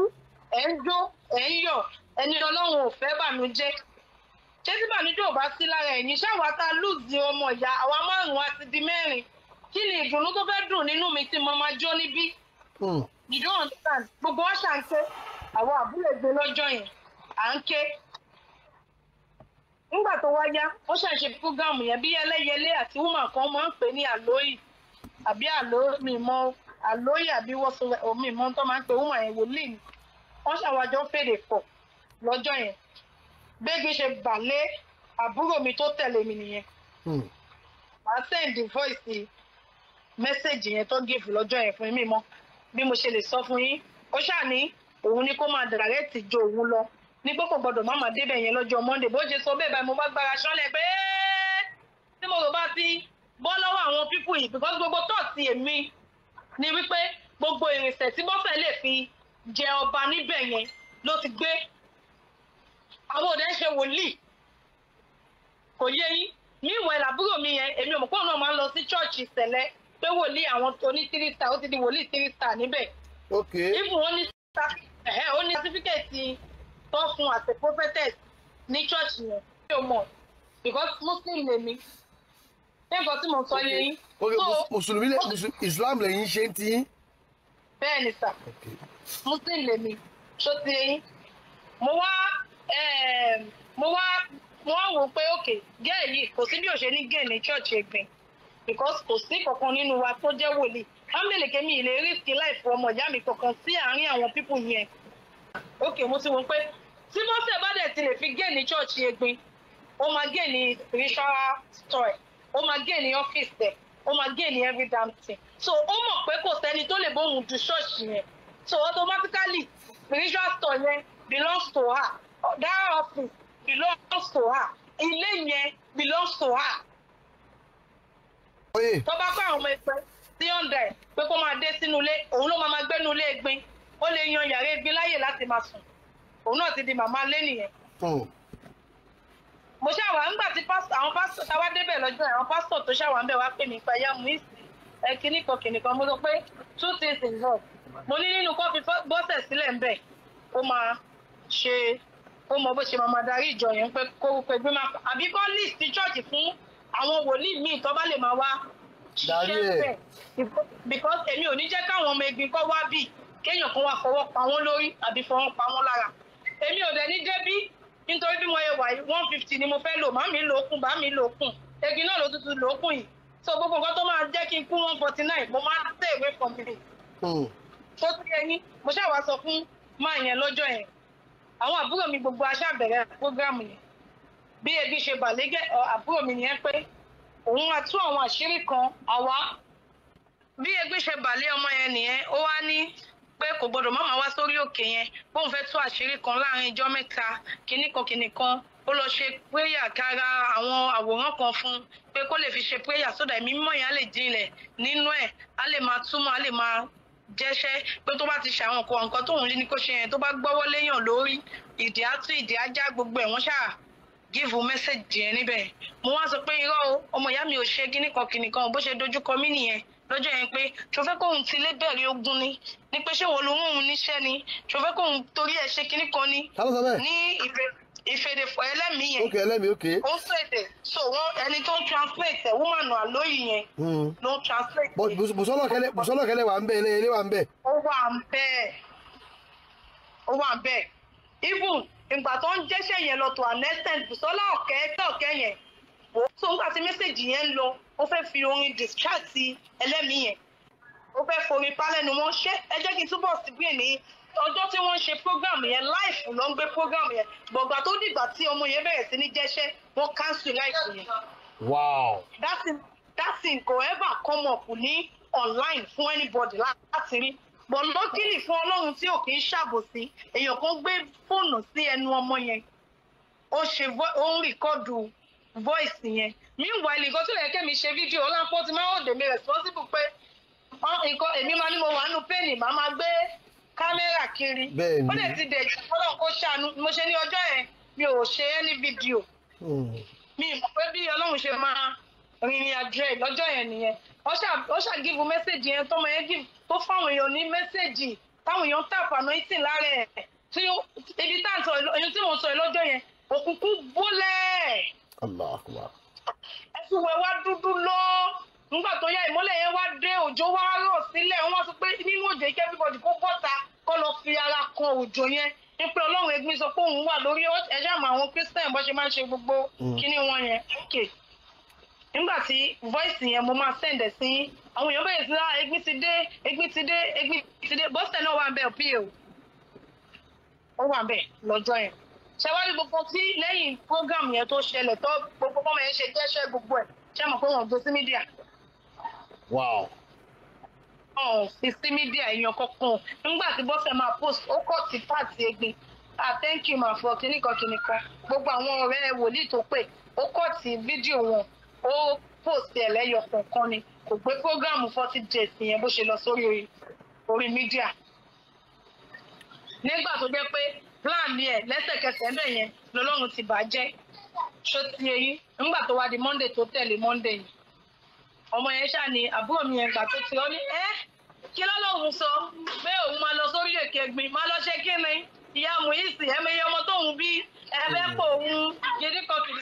C: ẹ̀ ń jó ẹ̀ ń yọ̀ ẹni ọlọ́run ò fẹ́ bànújẹ́ ṣé tí bànújẹ́ ò bá sí lára ẹ̀yìn ṣáwa ta lùzì ọmọ ìyá àwa márùn-ún àti di mẹ́rin kí ni ìdùnnú tó fẹ́ dùn nínú mi tí mo máa jó níbí. Hmm you don't understand gbogbo wa ṣà ń ké àwọn àbúrò ẹgbẹ́ lọ́jọ́ yẹn à ń ké nígbà tó wá yá ó ṣàṣe fúgàmù yẹn bí ẹlẹ́yẹlé àti wúmà kan máa ń pè ní àlóyè àbí àlómìmọ àlóyè àbí wọ́sọ òmìmọ tó máa ń pè wúmà yẹn wòlíì ni wọ́n ṣàwájọ fèrè pọ̀ lọ́jọ́ yẹn gbégbé ṣe bàlẹ́ àbúrò mi tó tẹ̀lé mi nìyẹn hmm. màá send voice message yẹn tó gèfù lọ́jọ́ yẹn fún mi mọ́ bí mo ṣe lè sọ fún yín ó ṣáà ní òun ni kó máa dàrẹ́ẹ̀tì jo òun lọ ní pé kò gbọdọ̀ má máa débẹ̀ yẹn lọ́jọ́ monday bó ṣe sọ bẹ́ẹ̀ báyìí mo bá gbára ṣánlẹ̀ pé tí mo rò bá ti bọ́ lọ́wọ́ àwọn pípù yìí because gbogbo tọ́ọ̀tì èmi ni wípé gbogbo ìrìnsẹ̀ tí bọ́fẹ̀ lè fi jẹ ọba níbẹ̀ yẹn ló ti gbé àwọn òde ṣe wòlíì kò yé yín míwọ̀n ẹ̀ làbúrò mi yẹn èmi ò mọ̀ pé òun náà máa ń lọ sí ṣọ́ọ̀ṣì pé wòlíì àwọn tó ní three star ó ti di wòlíì three star níbẹ̀. ok ibùn ó ní ó ní sátífíkẹ̀tì tó fún as a prophetess ní chọ́ọ̀chì yẹn mi ò mọ̀ because muslim lèmi nǹkan tí mo sọ yẹn yín.
A: ok mùsùlùmí lè islam lẹ́yìn ṣe ń tiyín.
C: bẹ́ẹ̀ ni sà muslim lèmi ṣó ti yẹn eh, mo wá mo wá wọ́n wò pé òkè gẹ́ẹ̀ yìí kò sí bí òṣèlú gẹ́ẹ̀ ní chọ́ọ̀chì ẹ̀gbìn because kò sí kankan nínú wa tó jẹ́ wòlíì family kemi ilé risk life ọmọ ìyá mi kankan sí àárín àwọn pípù yẹn ok mo ti wọ pé tí mọ́sẹ̀ bá dẹ̀ ti lè fi gé ní church egbin ó máa gé ní spiritual store ó máa gé ní office ẹ̀ ó máa gé ní every damn thing so ó mọ̀ pé kò sẹ́ni tó lè bóun ju church yẹn so automatically spiritual store yẹn belongs to her that office belongs to her ilé yẹn belongs to her tó bá kọ́ àwọn ọmọ ẹgbẹ́ tí ó ń dẹ̀ pé kó máa dé sínú ilé òun ló máa gbẹ́nu ilé egbin ó lè yan yàrá egbin láyè láti máa sùn òun náà ti di màmá lé nìyẹn. mo ṣàwà ńgbà tí àwọn pásítọ̀ tá a wá débẹ̀ lọ́jọ́ àwọn pásítọ̀ tó ṣàwà ń bẹ̀ wá pè mí pa yá mu ìsìn ẹ kíní kan kìnì kan mo sọ pé two things involved mo ní nínú kọ́fí bọ́sẹ̀ sílẹ̀ ń bẹ̀ ó máa ṣe ó mọ bó ṣe máa darí ìjọ yẹn pé kó pé gbé máa àbí kọ́ list church fún àwọn wòlíì míì tó bá lè máa wá ṣiṣẹ́ bẹ́ẹ̀ because èmi ò ní jẹ́ káwọn ọmọ egbin kọ́ wá bì kéèyàn kan wá fọwọ́ pa wọ́n lórí àbí fọwọ́ pa wọ́n lára èmi ò dẹ̀ ní débí nítorí bí wọ́n yẹ wà yìí one fifty ni mo fẹ́ lò má mi lòókùn bá mi lòókùn egbin náà ló tútù lòókùn yìí so gbogbo nǹkan tó máa jẹ́ kí n kú one forty nine mo máa ń stay away from it. Hmm. tó tún yẹ ní mo ṣàwá sọ fún máa yẹn lọ́jọ́ yẹn àwọn àbúrò mi gbogbo aṣáàbẹ̀rẹ̀ programu yẹn bí ebi ṣe bàlégẹ àbúrò mi nìyẹn pé òun àtú àwọn àṣírí kan àwa bí ebi ṣe bàlé ọmọ yẹn nìyẹn ó wá ní pé kò gbọdọ̀ má máa wá sórí òkè yẹn bóun fẹ́ tú àṣírí kan láàrin ijọ́ mẹ́ta kinní kan kinní kan ó lọ ṣe péyà kára àwọn àwòrán kan fún un pé kó lè fi ṣe péyà sódà ẹ̀mí mímọ́ yẹn á lè jinlẹ̀ nínú ẹ̀ á lè máa túmọ̀ á lè máa jẹ́ṣẹ́ pé tó bá ti ṣe àwọn nǹkan tóun ní kó ṣe yẹn tó bá gbọ́wọ́ léèyàn lórí ìdí á tú ìdí á já gbogbo ẹ̀ ṣáà gíìfù mẹ́sẹ̀jì yẹn níbẹ̀ mo wá sọ pé irọ́ o ọmọ ìyá mi ò ṣe kíníkan kíníkan bó ṣe dojúkọ mí nìyẹn lọ́jọ́ yẹn pé ṣòfẹ́ kóhun ti lé bẹ̀rẹ̀ ogun ni ni pé ṣé wo ló ń hun níṣẹ́ ni ṣòfẹ́ kóhun torí ẹ̀ ṣe kíníkan ni ní ìfèdè fọ ẹlẹ́mìí yẹn ok fèdè so wọn ẹni tó translate ẹ woman àlóyìn yẹn hmm. ló translate.
A: bùsọ́lọ̀kẹ́lẹ́ wà ń bẹ̀ ẹlẹ́yẹlé wà ń bẹ̀.
C: ó wà ń bẹ̀ ó wà ń bẹ̀ even ìgbà tó ń jẹ́ṣẹ́ yẹn lọ to an Bùsọ́lá ọ̀kẹ́ tọ̀kẹ́ yẹn wò ó tó ń mẹ́sẹ̀gì yẹn ń lọ ó fẹ́ fi orin distract ẹlẹ́mìí yẹn ó fẹ́ forin pálẹ́nu wọn ṣé ẹ jẹ́ kí n túbọ̀ síbí ní ọjọ́ tí wọ́n ń ṣe program yẹn láìfù ló ń gbé program yẹn gbọ̀gbà tó dìgbà tí ọmọ yẹn bẹ̀rẹ̀ sí ní jẹ́ṣẹ́ wọ́n cancel láìfù yẹn. wow. that thing that thing go ever come up ní online fún anybody láti rí bọ̀ lọ́kìlì fún ọlọ́run tí ò kì í ṣàbòsí èèyàn kan gbé fóònù sí ẹnu ọmọ yẹn ó ṣe ó ń rìkọ́dù voice yẹn meanwhile nǹkan tó yẹ kẹ́mi ṣe fídíò ọlọ́pọ̀ ti máa ń òde mi responsible pé nǹkan èmi máa ní mo wà nínú pẹ́ẹ́nì màá máa gbé kámẹ́rà kiri ó lè ti dẹ̀ jẹ́ ọlọ́run kó ṣàánú mo ṣe ní ọjọ́ yẹn mi ò ṣe é ní fídíò mi mọ̀ pé bí ọlọ́run ṣe máa rìnrìn àjò ẹ̀ lọ́jọ́ yẹn nìyẹn ó ṣà give yẹn tọ́mọ yẹn give tó fáwọn èèyàn ní mẹ́sẹ̀gì táwọn èèyàn tàpá anointing lára ẹ̀ tí ibi tá à ń sọ ẹni tí mò ń sọ ẹ lọ́jọ́ yẹn òkùnkùn bólẹ̀.
A: Akbar.
C: ẹ̀sùn wẹ̀ wá dúdú lọ nígbà tó yá ìmọ́lẹ̀ yẹn wá dé òjò wá rọ̀ sílẹ̀ wọ́n wá sọ pé nínú òjò yìí everybody kó bọ́ta kó lọ fi ara kan òjò yẹn nípa ọlọ́run ẹgbẹ́ sọ pé òun wà lórí ẹ̀yà àmọ́ àwọn christian bó ṣe máa ń ṣe gbogbo mm. kíní wọn yẹn nígbà tí voice yẹn mo máa send ẹ̀ sí àwọn èèyàn bẹ̀rẹ̀ sí ra egbin ti dé egbin ti dé egbin ti dé bọ́sẹ̀ náà wà ń bẹ̀ ò pl ó wà ń bẹ̀ lọ́jọ́ yẹn ṣẹwárí gbogbo tí lẹ́yìn program yẹn tó ṣẹlẹ̀ tó gbogbo ọmọ yẹn ṣe jẹ́ṣẹ́ gbogbo ẹ̀ ṣe mọ̀ pé wọ́n gbé sí mídíà. wow. fi sí mídíà èèyàn kankan nígbà tí bọ́sẹ̀ máa post ó kọ̀ sí pàtì egbin ah thank you ma for kìnnìkan kìnnìkan gbogbo àwọn ọ̀rẹ́ wòlíì tó pè ó kọ̀ sí fídíò wọn ó post ẹ̀ lẹ́yọ kọ̀ọ̀kan ni kò gbé programu forty days yẹn bó ṣe lọ sórí orí media. nígbà tó jẹ́ pé plan yẹ lẹ́sẹ̀kẹsẹ̀ ńbẹ̀ yẹn lọ́lọ́run ti bàjẹ́ ṣó ti eyín nígbà tó wá di monday tó tẹ̀lé monday yìí ọmọ yẹn ṣáà ni àbúrò mi yẹn gbà tó ti ọ ní ẹ kí lọ́lọ́run sọ pé òun máa lọ sórí èké gbin máa lọ ṣe kí ni ìyá muhisi ẹ̀mẹyẹ ọmọ tóun bí ẹ̀fẹ́ pò òun yẹn ní kọkìrì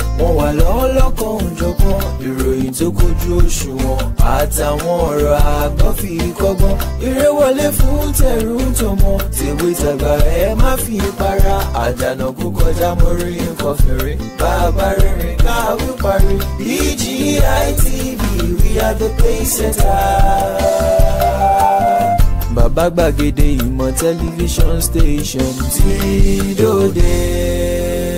A: wọ́n wà lọ́wọ́ lọ́kàn òjọ̀kan ìròyìn tó kojú òṣùwọ̀n àtàwọn ọ̀rọ̀ àgbọ́ kọ́gbọ́n eré wọlé fún tẹ̀rù tọmọ tèwe tàgbà ẹ má fi para àdànà kó kọjá mọ́rí nǹkan fèrè bàbá rere káwí parí BGI e we are the pace setter bàbá gbàgede ìmọ̀ tẹlifíṣọ̀n station tí dòde.